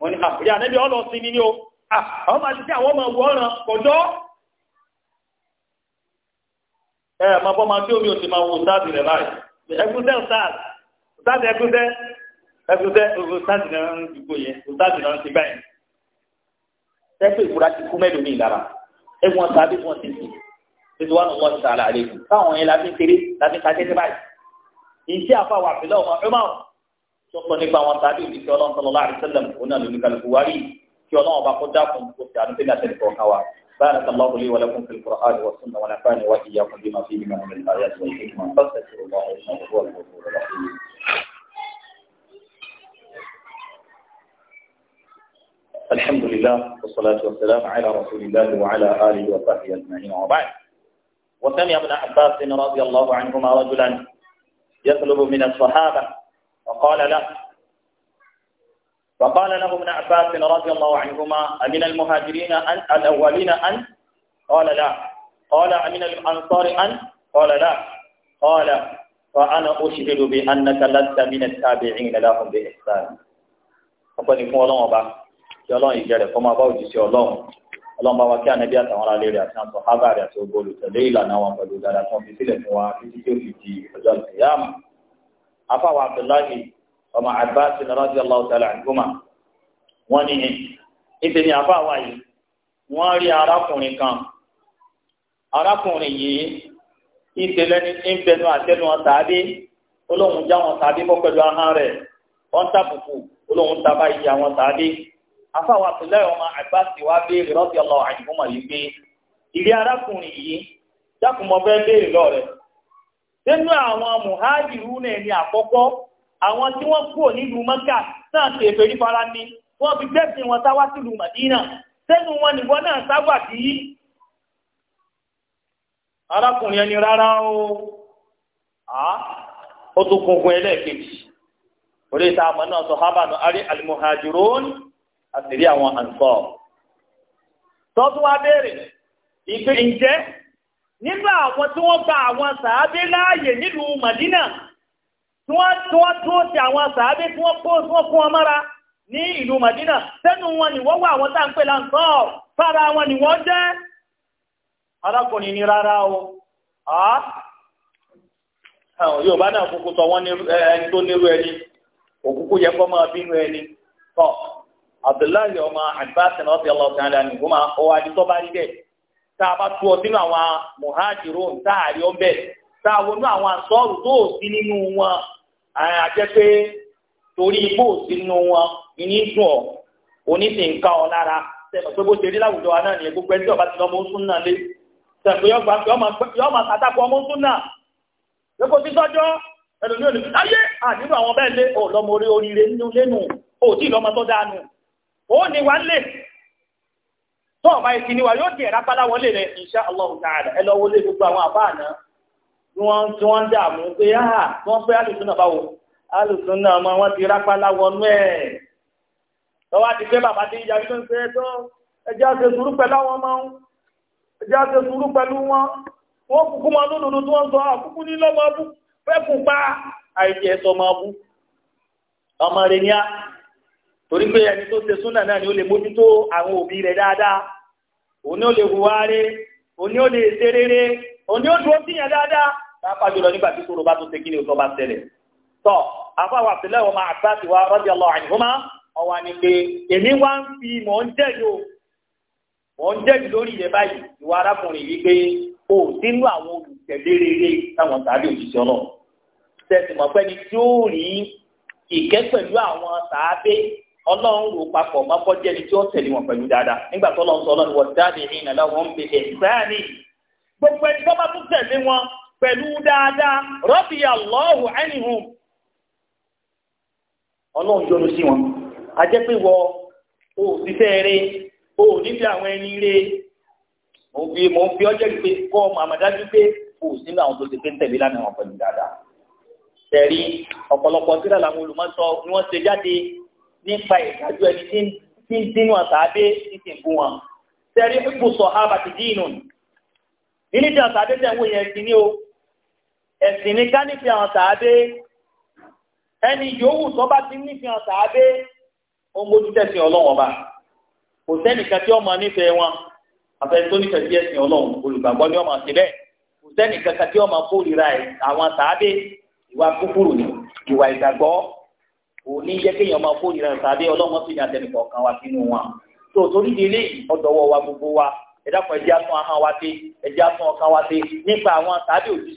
wọn ni àpèjẹ ànábì ọlọ sí ni ni o àwọn máa ṣiṣẹ́ àwọn máa wọ ọ̀ràn kọjọ́ ẹ máa bọ́ máa tí omi ò sì máa wọ sáàbì ẹgbẹ́ tẹ ọgbọ sáàtì náà ń dùgbò yẹn ọgbọ sáàtì náà ń ti báyìí tẹ́tọ̀ ìfura ti kú mẹ́lòmí lára ẹ̀wọ̀n tàbí wọ́n ti sùn títí wọn lọ sí àlà àlejò káwọn yẹn láti kéré láti ka báyìí ìṣe àfàwọ̀ àfẹ́lẹ́ ọmọ ẹ̀ máa sọ̀tọ̀ nípa wọn tàbí òbíṣẹ́ ọlọ́run sọlọ́lá àrísẹ́lẹ̀m òun náà lóní kálukú wárí kí ọlọ́run bá kó dákun kó sì àdúgbò náà tẹ̀lé kọ̀ọ̀kan بارك الله لي ولكم في القرآن والسنة ونفعني وإياكم بما فيه من الآيات والحكمة فاستغفروا الله إنه هو الغفور الرحيم الحمد لله والصلاة والسلام على رسول الله وعلى آله وصحبه أجمعين وبعد وسمع ابن عباس رضي الله عنهما رجلا يطلب من الصحابة وقال له فقال له ابن عباس رضي الله عنهما أمن المهاجرين أن الأولين أن قال لا قال أمن الأنصار أن قال لا قال فأنا أشهد بأنك لست من التابعين لهم بإحسان فقال فولان kí ọlọ́run ìjẹ rẹ̀ kọ́ máa bá òjíṣẹ́ ọlọ́run ọlọ́run bá wa kí ànábì àtàwọn aráalé rẹ̀ àti àtọ̀ hábà rẹ̀ àti ogbó olùtẹ̀lé ìlànà wọn pẹ̀lú dáadáa tó ń fi sílẹ̀ fún wa títí tí ó fi di ọjọ́ àlùkìyàmù. afáwọ̀ abdullahi ọmọ abbas radiyallahu ta'ala anhuma wọ́n ní ìpè ní afáwọ̀ yìí wọ́n rí arákùnrin kan arákùnrin yìí ìtẹ̀lẹ́ni ìbẹ̀nu àtẹnu ọ̀tàdé olóhùn já wọn tàdé bọ́ pẹ̀lú ahọ́n rẹ̀ wọ́n tàbùkù olóhùn tàbá ìyá wọn tàdé afáwọn abdullahi ọmọ abbas ti wá béèrè rọ́bì ọlọ́wọ́ àjùmọ̀ yìí pé ìrí arákùnrin yìí dákùnmọ́ fẹ́ béèrè lọ rẹ̀ nínú àwọn muhajiru náà ni àkọ́kọ́ àwọn tí wọ́n kúrò nílùú mẹ́kà náà ṣe èfèrí fara ní wọ́n fi gbẹ́sìn wọn sáwá sílùú madina sẹ́nu wọn nìwọ́n náà sáwà sí arákùnrin ẹni rárá o ó tún kunkun ẹlẹ́ẹ̀kejì orí ìta àmọ́ náà sọ a sì rí àwọn àǹsọ̀. tọ́tún wa béèrè ìpè ǹjẹ́ nínú àwọn tí wọ́n àwọn sàábé láàyè Madina tí wọ́n tí wọ́n dúró ti àwọn sàábé tí wọ́n tí wọ́n ní ìlú Madina sẹ́nu wọn ni wọ́n wà àwọn tá ń pè fara wọn ni wọ́n jẹ́ arákùnrin ni rárá o yóò bá náà abdullahi ọmọ àdìbáṣin ọ̀sẹ̀ ọlọ́ọ̀tàn àdàní ìgbọ́mọ ọwọ́ adìtọ́ bá bẹ́ẹ̀ tá a bá tú ọ sínú àwọn muhajirun a tá a wọnú àwọn asọ́ọ̀rù tó sí nínú wọn àjẹ́ pé torí bó sí nínú wọn ọ náà tí ọba ti lọ mọ oṣù náà lé sẹ́nu pé ọmọ oṣù náà sọ́jọ́ ẹlòmíràn ayé àdínú àwọn ó ní wa lè tó ọba yóò di erapa wọlé rẹ̀ insha Allah ẹ lọ gbogbo àwọn àbá tí wọ́n tí pé áhà ah, wọ́n fẹ́ alùsùn báwo ti rápálá wọnú ẹ̀ lọ́wọ́ àti pé bàbá ti fe tó ń ṣe tó ẹjẹ́ àti sùúrù pẹ̀lú àwọn ọmọ ẹjẹ́ àti sùúrù pẹ̀lú wọn wọ́n kúkú máa lódodo tí wọ́n sọ àkúkú ah, ní lọ́mọ torí pé ẹni tó ṣe súnà náà ni ó lè mójútó àwọn òbí rẹ̀ dáadáa òun ni ó lè hùwà rẹ òun ni ó lè ṣe rere òun ni ó dúró síyàn dáadáa pàápàá jùlọ nígbà tí sòrò bá tó ṣe kí ni òtọ́ bá ṣẹlẹ̀ tọ́ àfáwà àtìlẹ́ ọmọ àtàtì wa radiyallahu anhuma ọwà ni pé èmi wá ń fi mọ̀ ń jẹ́jọ́ mọ̀ ń jẹ́jọ́ lórí ilẹ̀ báyìí ìwà arákùnrin yìí pé o sínú àwọn olùtẹ̀lé rere táwọn tàbí òṣìṣẹ́ ọlọ́run tẹ̀sí mọ̀ pẹ́ni tí ó rí ìkẹ́ pẹ̀lú àwọn tàbí ọlọ́run rò papọ̀ má kọjá ẹni tí ó tẹ̀lé wọn pẹ̀lú dáadáa nígbà tó lọ́n ní ìnàlá wọn bẹ gbogbo ẹni tó bá tún wọn pẹ̀lú dáadáa rọ́bì àlọ́hùn ẹnìhùn ọlọ́run sí wọn a jẹ́ o ò ṣiṣẹ́ o ò àwọn ẹni mo fi mo fi ọjọ́ ìpè kọ́ o ò sínú àwọn tó ti ń nípa ìdájọ́ ẹni tí ń dínú àtàdé ní ti gún wọn. Tẹ̀rí pípò sọ ábà ti dín inú. Nínú ìdí àtàdé tẹ̀ ń wòye ẹ̀sìn ní o. Ẹ̀sìn ní ká nífẹ̀ẹ́ àwọn àtàdé. Ẹni yòówù tó bá ti nífẹ̀ẹ́ àwọn àtàdé, ó ń mójú tẹ̀sìn ọlọ́run ọba. Kò sẹ́nìkan tí ọmọ nífẹ̀ẹ́ wọn. Àfẹ́ tó nífẹ̀ẹ́ sí ẹ̀sìn ọlọ́run olùgbàgbọ́ ni ọmọ àti Kò sẹ́nìkan tí ọmọ kórìíra òní jẹ́ kéèyàn máa kó ìrìn tàbí ọlọ́mọ sí ní àtẹnukọ̀ kan wá sínú wa tó torí wa gbogbo wa ẹ̀dá kan ẹ̀jẹ̀ atún ahọ́n wa dé ẹ̀jẹ̀ atún ọkàn wa dé nípa àwọn òjijì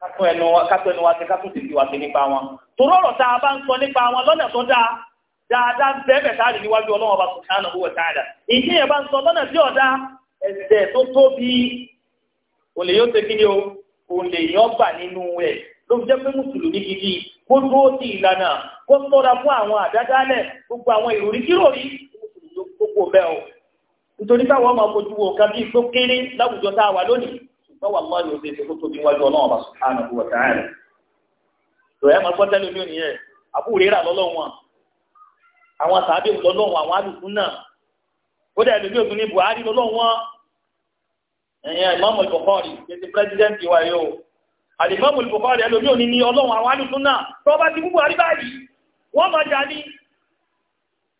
kátó ẹnu wa ti kátó tètè wa ti nípa wọn torí ọ̀rọ̀ tá a bá ń sọ nípa wọn lọ́nà tó dáa dáadáa bẹ́ẹ̀ táàrí níwájú ọlọ́run bá tó kó ti ìlànà kó tọ́ra fún àwọn àdádálẹ̀ gbogbo àwọn ìròrí kíròrí gbogbo bẹ́ẹ̀ o nítorí táwọn ọmọ kojú wo kan bí tó kéré láwùjọ tá a wà lónìí ṣùgbọ́n wà lọ́ọ̀yọ̀ ṣe ṣe kó tóbi wájú ọlọ́run bá subhanahu wa ta'ala lọ́yà máa gbọ́tẹ́ lómi òní yẹn àbúrò rà lọ́lọ́wọ́n àwọn sàábẹ̀ lọ́lọ́wọ́n àwọn alùpùpù náà ó dẹ̀ lómi òtún ní Buhari lọ́lọ́wọ́n ẹ̀yìn Imam Bukhari ṣe ti pírẹsidẹ́ǹtì wa yìí o àlèmọ́mù ìbùkọ́rẹ̀ ẹlòmí òní ní ọlọ́run àwọn alùsúnnà tó bá ti gbogbo àríbá yìí wọ́n mọ̀ jà ní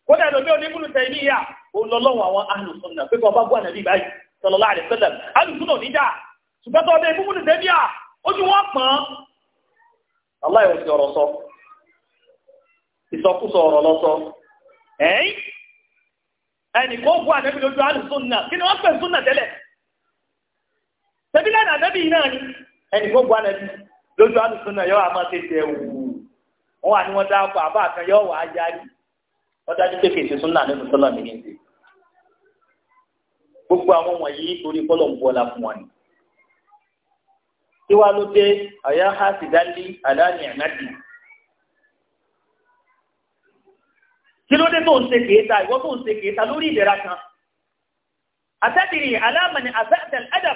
kódà ẹlòmí òní kúrù tẹ̀ ní ìyà olọ́lọ́run àwọn alùsúnnà pé kọ́ bá gbọ́ ànàbí báyìí sọlọ́lá àrẹ̀sẹ́lẹ̀ alùsúnnà ní dà ṣùgbọ́n tó ọdẹ gbogbo tẹ̀ ní à ojú wọn pọ̀n Allah yóò ti ọ̀rọ̀ sọ ìsọkúsọ ọ̀rọ̀ lọ ẹnì gbogbo ànàbí lójú àlùsùn náà yọ àmọ́ tètè wù wọn wà ní wọn dáko àbá kan yọ wà á yáyì wọn dájú pé kèsì sún náà nínú sọlá mi nìyí gbogbo àwọn wọ̀nyí torí kọlọ ń bọlá fún wọn ni kí wàá ló dé àyà ha sì dálé àdáni ànádì kí ló dé tó ń ṣe kèéta ìwọ tó ń ṣe kèéta lórí ìdẹ̀ra kan àtẹ́tìrì alámàní àtẹ́tẹ̀ ẹ̀dà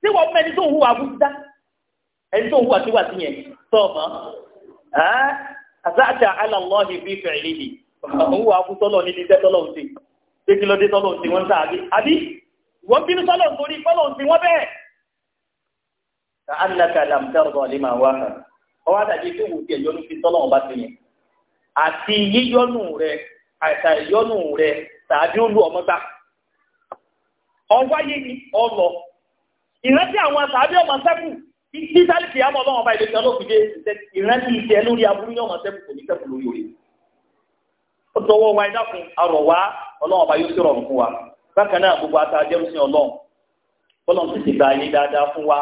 tí wọ́n mẹ́ni tó ń hùwà búdá. ẹni tó ń wà síwà sí yẹn tó ọmọ àzáàtà aláwọ̀lọ́hìn bí fẹ̀rẹ̀ lè òun wà tọ́lọ̀ níbi iṣẹ́ tọ́lọ̀ òsì pé kí ló dé tọ́lọ̀ òsì wọn sáà bí àbí wọ́n bínú tọ́lọ̀ nítorí tọ́lọ̀ òsì wọn bẹ́ẹ̀. káàlàkà làmùtẹ́rọ̀ lè máa ọwọ́ tó wù ẹ̀yọ́nù fi tọ́lọ̀ ọba sí yẹn àti yíyọ́nù rẹ ọlọ ìrántí àwọn títí sáré kìí àmọ́ ọlọ́run ọba ìlẹ́sìn ọlọ́run fìdí ìrántí ìṣẹ́ lórí aburú yóò mọ̀ sẹ́kù kò ní sẹ́kù lórí òye. ó tọwọ́ wa ẹ̀dá kun arọ̀ wá ọlọ́run ọba yóò sì rọrùn fún wa bákan náà gbogbo ata jẹ́rùsìn ọlọ́run bọ́lọ̀ ti ti gba ayé dáadáa fún wa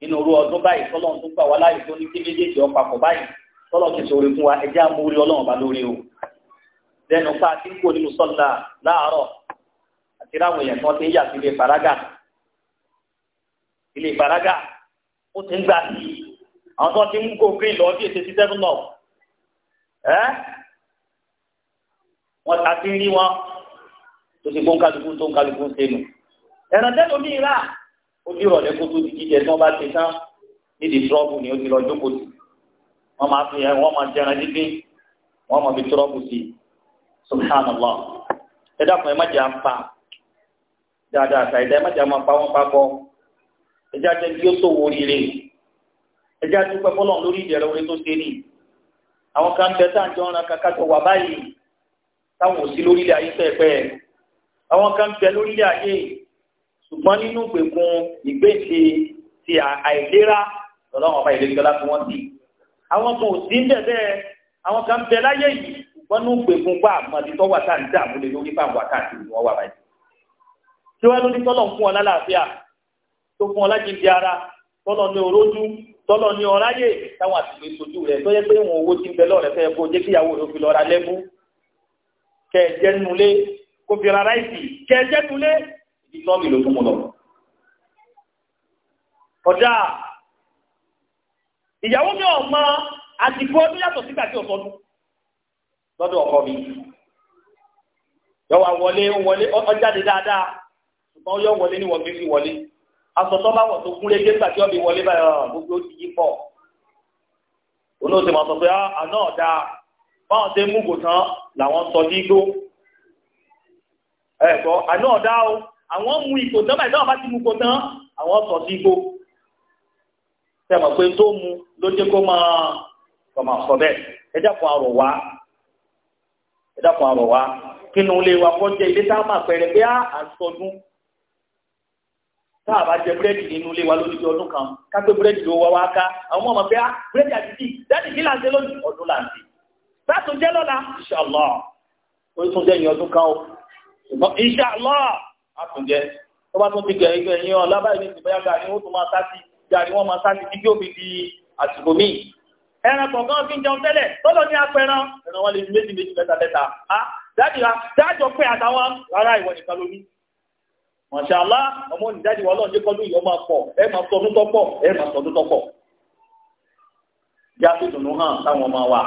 nínú orú ọdún báyìí tọ́lọ̀ tó gbà wá láyé tó ní kí méjèèjì ọ̀pàpọ̀ báyìí tọ́lọ̀ ti sọ̀rọ̀ o lẹ́nu pa àti ń kó nínú sọ́lá láàárọ̀ àti ráwọn èèyàn tí wọ́n ti ń yà sí ilé ó ti ń gbà sí àwọn tó ti ń kó green lọ bí èsì seven up ẹ wọn àti rí wọn tó ti kó ń kálukú tó ń kálukú ń sẹnu ẹran tẹ́lẹ̀ omi ìlà ó ní ìrọ̀lẹ́ kó di jíjẹ tí wọ́n bá ti tán nídìí trọ́bù ni ó ti lọ jókòó sí wọ́n máa fi ẹ̀ wọ́n máa jẹran dídín wọ́n máa fi trọ́bù sí subhanallah ẹ dákun ẹ má jẹ́ àpá dáadáa àtàyẹ̀dá ẹ má jẹ́ àmọ́ pa pa kọ́ ẹja jẹ́ kí ó tó wo rire ẹja dúpẹ́ fọlọ́n lórí ìdẹ̀rẹ̀ orin tó ṣe rí àwọn kan bẹ tá à ń jọ ran kankan tó wà báyìí táwọn ò sí lórílẹ̀ ayé pẹ́ẹ́pẹ́ àwọn kan bẹ lórílẹ̀ ayé ṣùgbọ́n nínú ìgbèkùn ìgbésẹ̀ ti àìlera lọ́dọ̀ àwọn ọba ìlẹ́gbẹ́ láti wọ́n sí àwọn kan ò sí ń bẹ̀ bẹ́ẹ̀ àwọn kan bẹ láyé yìí ṣùgbọ́n nínú ìgbèkùn pa àmọ́dé tọ́wọ́ àtàǹdà àmúlẹ̀ lórí fáwọn àkáǹtì ìwọ̀n wà báyìí tí wọ́n lórí tọ́lọ̀ ń fún ọ lálàáfíà tó fún ọ láti di ara tọ́lọ̀ ní orójú tọ́lọ̀ ní ọ̀ráyè táwọn àtìgbè sojú rẹ̀ tó yẹ pé wọn owó ti ń bẹ lọ́rẹ̀ fẹ́ kó jẹ́ kíyàwó rẹ̀ ó fi lọ ra lẹ́bú kẹ́ ẹ jẹ́ nulé kó fi ra ráìsì kẹ́ ẹ jẹ́ nulé ìdí tọ́ọ̀mì ló tún mú lọ. ọ̀dà ìyàwó mi ọ̀mọ àsìkò ọdún yàtọ̀ sígbà tí ọ̀sọ́dún lọ́dọ̀ ọkọ mi yọ wà wọlé ọjáde dáadáa ṣùgbọ́n yọ wọlé ní wọ́n fi fi wọlé asọ̀tọ́ bá wọ̀ tó kún léke nígbà tí wọ́n fi wọlé báyìí ọ̀ ah, gbogbo ti yí pọ̀ òun ó sì mọ̀ sọ pé ah, àná ọ̀dà báwọn ṣe ń múgò tán làwọn sọ ní igbó ẹ̀kọ́ àná ọ̀dà o àwọn mú ipò tán báyìí táwọn bá ti múgò tán àwọn sọ sí igbó sẹ́mọ̀ pé tó mu ló dé kó máa kọ̀mà sọ bẹ́ẹ̀ ẹ dákun àrọ̀ wá ẹ dákun àrọ̀ wá kínú lè wà kọjá ilé táwọn àpẹẹrẹ pé ah, à ń sọdún tá a bá jẹ búrẹ́dì nínú ilé wa lórí ọdún kan ká pé búrẹ́dì ló wá wá ká àwọn ọmọ pé á ah, búrẹ́dì àti tíì dáàdì kí là ń ṣe lónìí ọdún là ń ṣe sátún jẹ́ lọ́la ìṣàlọ́ ó tún jẹ́ ìyẹn ọdún kan o ṣùgbọ́n ìṣàlọ́ àtúnjẹ tó bá tún ti gẹ̀ ẹgbẹ́ yín ọ lábàá ìlú ìsìn bẹ́yàgà ni wọ́n tún máa sáti jàrí wọ́n máa sáti kí yóò fi di àsìkò míì ẹran kọ̀ọ̀kan fi ń jẹun tẹ́lẹ̀ tọ́lọ ní apẹran ẹran wọn lè fi méjì méjì mẹ́ta mẹ́ta á ah, dájú pé àtàwọn ará ìwọ nìkan lóní mọ̀ṣálá ọmọ onídàájú wọn lọ́njẹ́ kọ́lú yìí ọmọ pọ̀ ẹ máa sọdún tọ́pọ̀ ẹ máa sọdún tọ́pọ̀ já sí dùnú hàn táwọn ọmọ wa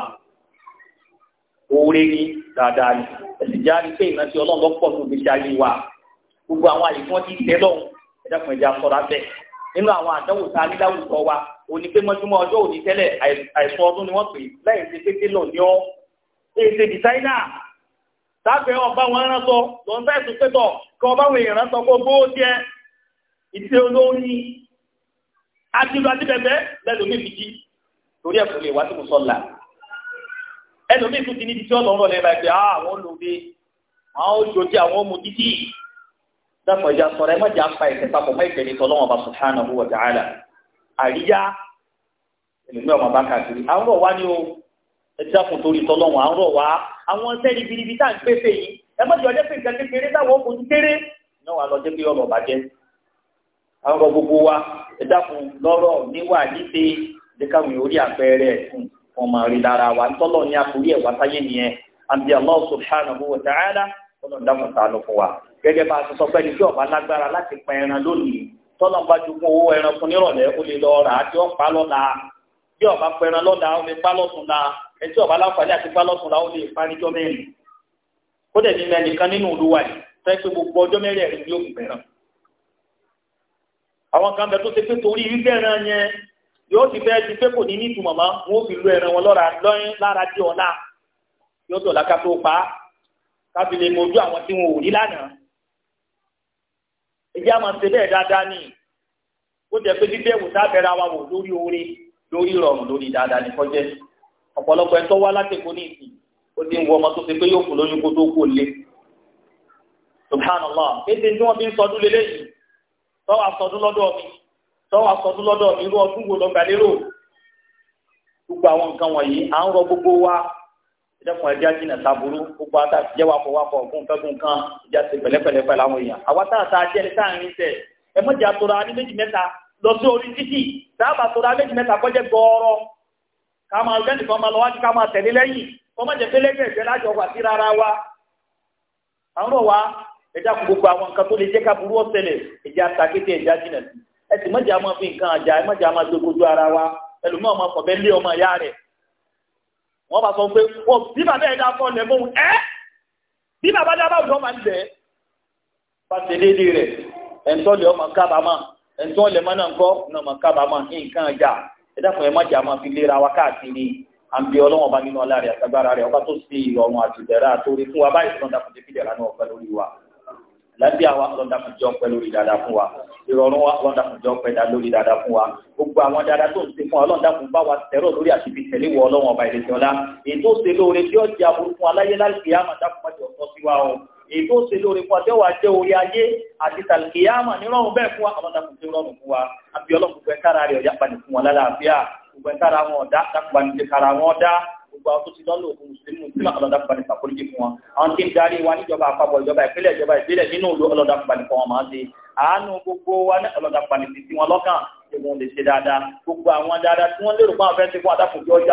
oore ni dáadáa ni ẹ̀sìn já rí pé ìrántí ọlọ́run pọ̀ ní òbí ayé wa gbogbo àwọn àyè tí wọ́n ti tẹ́ lọ́hùn ẹ̀dàkùn ẹ̀já sọ̀rọ̀ abẹ́ nínú àwọn àdánwò tá a ní láwùjọ wa òní pé mọ́júmọ́ ọjọ́ òní tẹ́lẹ̀ àìsàn ọdún ni wọ́n pè láì ṣe pété lọ ní ọ́ èsè dìsáínà tábẹ́ ọba wọn rán sọ lọ́nà ẹ̀sùn pẹ́tọ̀ kọ báwọn èèyàn sọ pé bó jẹ ìṣe olórí adìlú adìbẹ̀bẹ̀ lẹ́lòmí fi jí torí ẹ̀kọ́ lè wá sí kò sọ́la ẹlòmí tún ti ní ti tí ọlọ́run lẹ́ba ah, ẹgbẹ́ àwọn olóde àwọn ojoojú àwọn ọmọ títí dàpọ̀ ìjà sọ̀rọ̀ ẹ má jà pa ìfẹ́ papọ̀ mọ́ ìfẹ́ ní tọ́lọ́wọ́n bá subhanahu wa ta'ala àríyá ẹlòmí ọmọ bá káàkiri àwọn ọ̀wá ni o ẹtí àkùn torí tọ́lọ́wọ́n àwọn ọ̀wá àwọn sẹ́ni biribi tá à ń pèsè yìí ẹ mọ̀jọ́ jẹ́ pé nǹkan kékeré táwọn kò tún kéré náà wà lọ jẹ́ pé ọlọ́ bàjẹ́ àwọn ọmọ gbogbo wa ẹ dákun lọ́rọ̀ níwà níṣe jẹ́ káwọn orí àpẹẹrẹ ẹ̀sùn wọn máa rí lára wa tọ́lọ̀ ní àkórí ẹ̀wà sáyé nìyẹn àbí Allah subhanahu wa ta'ala ọlọ́ dákun ṣàánú fún wa gẹ́gẹ́ bá a ti sọ pé níbi ọ̀bá lágbára láti pa ẹran lónìí tọ́lọ̀ bá jogún owó ẹran fún nírọ̀lẹ́ ó lè lọ rà á tí lọ́la bí ọ̀bá pẹran lọ́la ó lè pa lọ́tùnla ẹ̀ tí ọ̀bá láǹfààní àti pa lọ́tùnla ó lè pa níjọ́ ó dẹ̀ ní mẹ́nìkan nínú olúwa yìí fẹ́ pé gbogbo ọjọ́ mẹ́rẹ̀ẹ̀rin yóò fi bẹ̀rẹ̀ àwọn kan bẹ tó ṣe pé torí wípé ẹran yẹn yóò ti fẹ́ ti fẹ́ kò ní nítumọ̀ mọ́ wọn ó fi lo ẹran wọn lọ́ra lọ́yìn lára dé ọ̀la yóò dọ̀la ká tó pa á ká fi lè mojú àwọn tí wọn ò rí lánàá ìyá máa ń ṣe bẹ́ẹ̀ dáadáa nìyí ó jẹ́ pé bíbẹ́ wò sábẹ́ra wa wò lórí oore lórí ìrọ̀rùn lórí dáadáa ní kọjẹ́ ọ̀pọ̀lọpọ̀ ẹ̀tọ́ wá látẹ̀kọ́ ní ìsìn ó ti ń wọ ọmọ tó ṣe pé yóò kú lóyún kó tó kú lé subhanallah ètè tí wọ́n fi ń sọdún lélẹ̀ yìí tọ́wọ́ àsọdún lọ́dọ̀ mi tọ́wọ́ àsọdún lọ́dọ̀ mi irú ọdún wo lọ́gbà lérò gbogbo àwọn nǹkan wọ̀nyí à ń rọ gbogbo wa ìdẹ́kun ẹ̀dí ajínà sábúrú gbogbo ata jẹ́ wàpọ̀ wàpọ̀ gúnkẹ́gùn kan ìjà ṣe pẹ̀lẹ́pẹ̀lẹ́ pẹ̀lú àwọn èèyàn àwa tá a ta jẹ́ ní tá à ń rin tẹ̀ ẹ mọ̀jà tora ní méjì mẹ́ta lọ sí orí títì sábà tora méjì mẹ́ta kọjá gbọ́ọ́rọ́ ká máa ọjọ́ nìkan máa lọ wájú ká máa tẹ̀lé lẹ́yìn wọ́n má jẹ́ pé lẹ́gbẹ̀ẹ́gbẹ́ lájọ wà sí rárá wa àwọn wa ẹja kò gbogbo àwọn nǹkan tó lè jẹ́ ká burú ọ̀sẹ̀lẹ̀ ẹja takété ẹja jìnà sí ẹ sì mọ̀jà máa fi nǹkan àjà ẹ mọ̀jà máa dogodo ara wa ẹlòmíì ọmọ ọkọ̀ bẹ́ẹ̀ lé ọmọ ìyá rẹ̀ wọ́n bá sọ pé wọ́n bí bàbá ẹ̀dá fọ́ lẹ̀ mọ́ ẹ́ bí bàbá dá bá máa ń bẹ̀ pàṣẹ léde rẹ̀ ẹ̀ńtọ́ lẹ̀ ọmọ kábàámà ẹ̀ńtọ́ lẹ̀ mọ́ náà ń kọ́ ọmọ kábàámà nǹkan àjà ẹ̀dá fún ẹ̀ mọ̀jà máa fi léra wa káàkiri àbí ọlọ́wọ́n bá nínú ọlá rẹ̀ àtàgbára rẹ̀ ọba tó ṣe ìrọ̀rùn àtìbẹ̀rẹ̀ àtòrí fún wa báyìí lọ́dà kò débi dẹ̀ra náà pẹ́ lórí wa lábẹ́ àwa lọ́dà kò jọ pẹ́ lórí dáadáa fún wa ìrọ̀rùn wa lọ́dà kò jọ pẹ́ lórí dáadáa fún wa gbogbo àwọn dáadáa tó ń ṣe fún wa lọ́dà kò bá wa tẹ̀rọ lórí àtìbí tẹ̀lé wọ ọlọ́wọ́n ọba ìrẹsẹ̀ ọlá ètò ṣe lóore tí ó jẹ aburú fún aláyé láìpẹ́ àmọ́ dákúmọ̀jọ sọ sí wa o ètò ṣe lóore fún ọjọ́ wa jẹ́ orí ayé àti tàlùkìyàmọ̀ nírọ̀rùn bẹ́ẹ̀ fún wa àwọn dàkùnjẹ́ rọrùn fún wa àbí ọlọ́run gbẹ kára rẹ̀ ọ̀yá padì fún wa lálàáfíà gbogbo ẹ̀ tára wọn ọ̀dá dákùbà ní ti kára wọn dá gbogbo àwọn tó ti lọ́lọ́ òkú mùsùlùmí mùsùlùmí ọlọ́dàkùbà ní sàkóríjì fún wọn àwọn tí ń darí wa níjọba àpapọ̀ ìjọba ìpínlẹ̀ ìjọba ìbílẹ̀ nínú ìlú ọlọ́dàkùbà ní fọwọ́n máa ń ṣe àánú gbogbo wa ní ọlọ́dàkùbà ní títí wọn lọ́kàn ìwọ̀n lè ṣe dáadáa gbogbo àwọn dáadáa tí wọ́n lérò fún àwọn fẹ́ẹ́ fún àdàkùn tí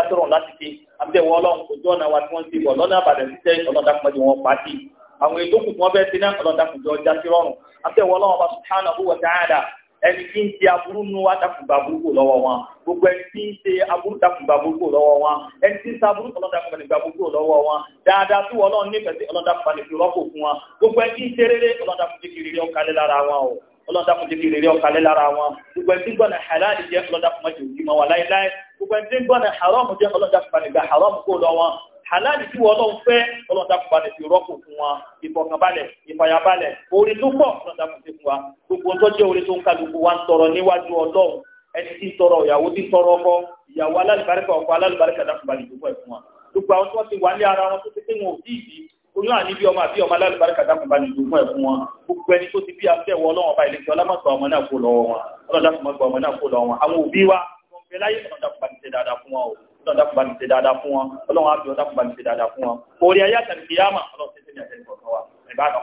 láti ṣe àbẹ̀wò ẹni tí ń ṣe aburú nu wa dàkùnbà burúkú lọ́wọ́ wọn gbogbo ẹni tí ń ṣe aburú dàkùnbà burúkú lọ́wọ́ wọn ẹni tí ń ṣe aburú ọlọ́dàkùnbà burúkú lọ́wọ́ wọn dáadáa tí wọ́n náà nífẹ̀ẹ́ sí ọlọ́dàkùnbà nìfi rọ́pò fún wọn gbogbo ẹni tí ń ṣe rere ọlọ́dàkùnbà kiri rí ọkàlẹ́ lára wọn o ọlọ́dàkùn ti fi rere ọkàlẹ́ lára wọn gbogbo ẹni tí gbọ́nà halali jẹ́ ọlọ́dàkùn mọ́jọ́ òjì mọ́ wà láéláé gbogbo ẹni tí gbọ́nà haramu jẹ́ ọlọ́dàkùn fanigba haramu kó lọ wọn halali tí wọ́n lọ́n fẹ́ ọlọ́run dákun bá lè fi rọ́pò fún wa ìfọ̀kànbalẹ̀ ìfàyàbalẹ̀ orin tó pọ̀ ọlọ́run dákun ti fún wa gbogbo tó jẹ́ orin tó ń kálukú wa ń tọrọ níwájú ọlọ́run ẹni tí ń tọrọ ìyàwó tí ń tọrọ ọkọ ìyàwó alálùbáríkà ọkọ alálùbáríkà dákun bá lè dúpọ̀ ẹ̀ fún wa gbogbo àwọn tí wọ́n ti wà ní ara wọn tó ti pé wọn ò tí ì oyún àní bí ọmọ àbí ọmọ alálùbáríkà dákun bá lè dúpọ̀ ẹ̀ fún wọn gbogbo ẹni tó ti bí afẹ́wọ̀ ọlọ́run ọba ìlẹ̀kẹ́ ọlámọ̀tò ọmọ náà kó lọ́wọ́ wọn ọlọ́dàkùnmọ́gbà ọmọ náà kó lọ́wọ́ wọn àwọn òbí wa wọn fẹ́ láyé ọlọ́dàkùnmọ́ ti ṣe dáadáa fún wọn o ọlọ́dàkùn bá mi ṣe dáadáa fún wọn ọlọ́run àbí ọlọ́dàkùn bá mi ṣe dáadáa fún wọn orí ayé àtàlùkìyàmà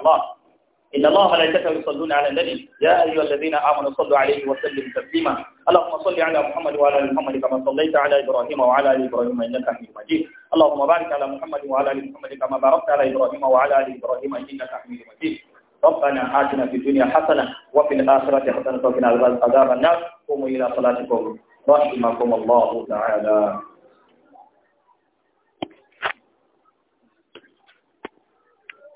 wa إن الله يكتب يصلون على النبي يا أيها الذين آمنوا صلوا عليه وسلموا تسليما اللهم صل على محمد وعلى آل محمد كما صليت على إبراهيم وعلى آل إبراهيم إنك حميد مجيد اللهم بارك على محمد وعلى آل محمد كما باركت على إبراهيم وعلى آل إبراهيم إنك حميد مجيد ربنا آتنا في الدنيا حسنة وفي الآخرة حسنة وقنا عذاب النار قوموا إلى صلاتكم رحمكم الله تعالى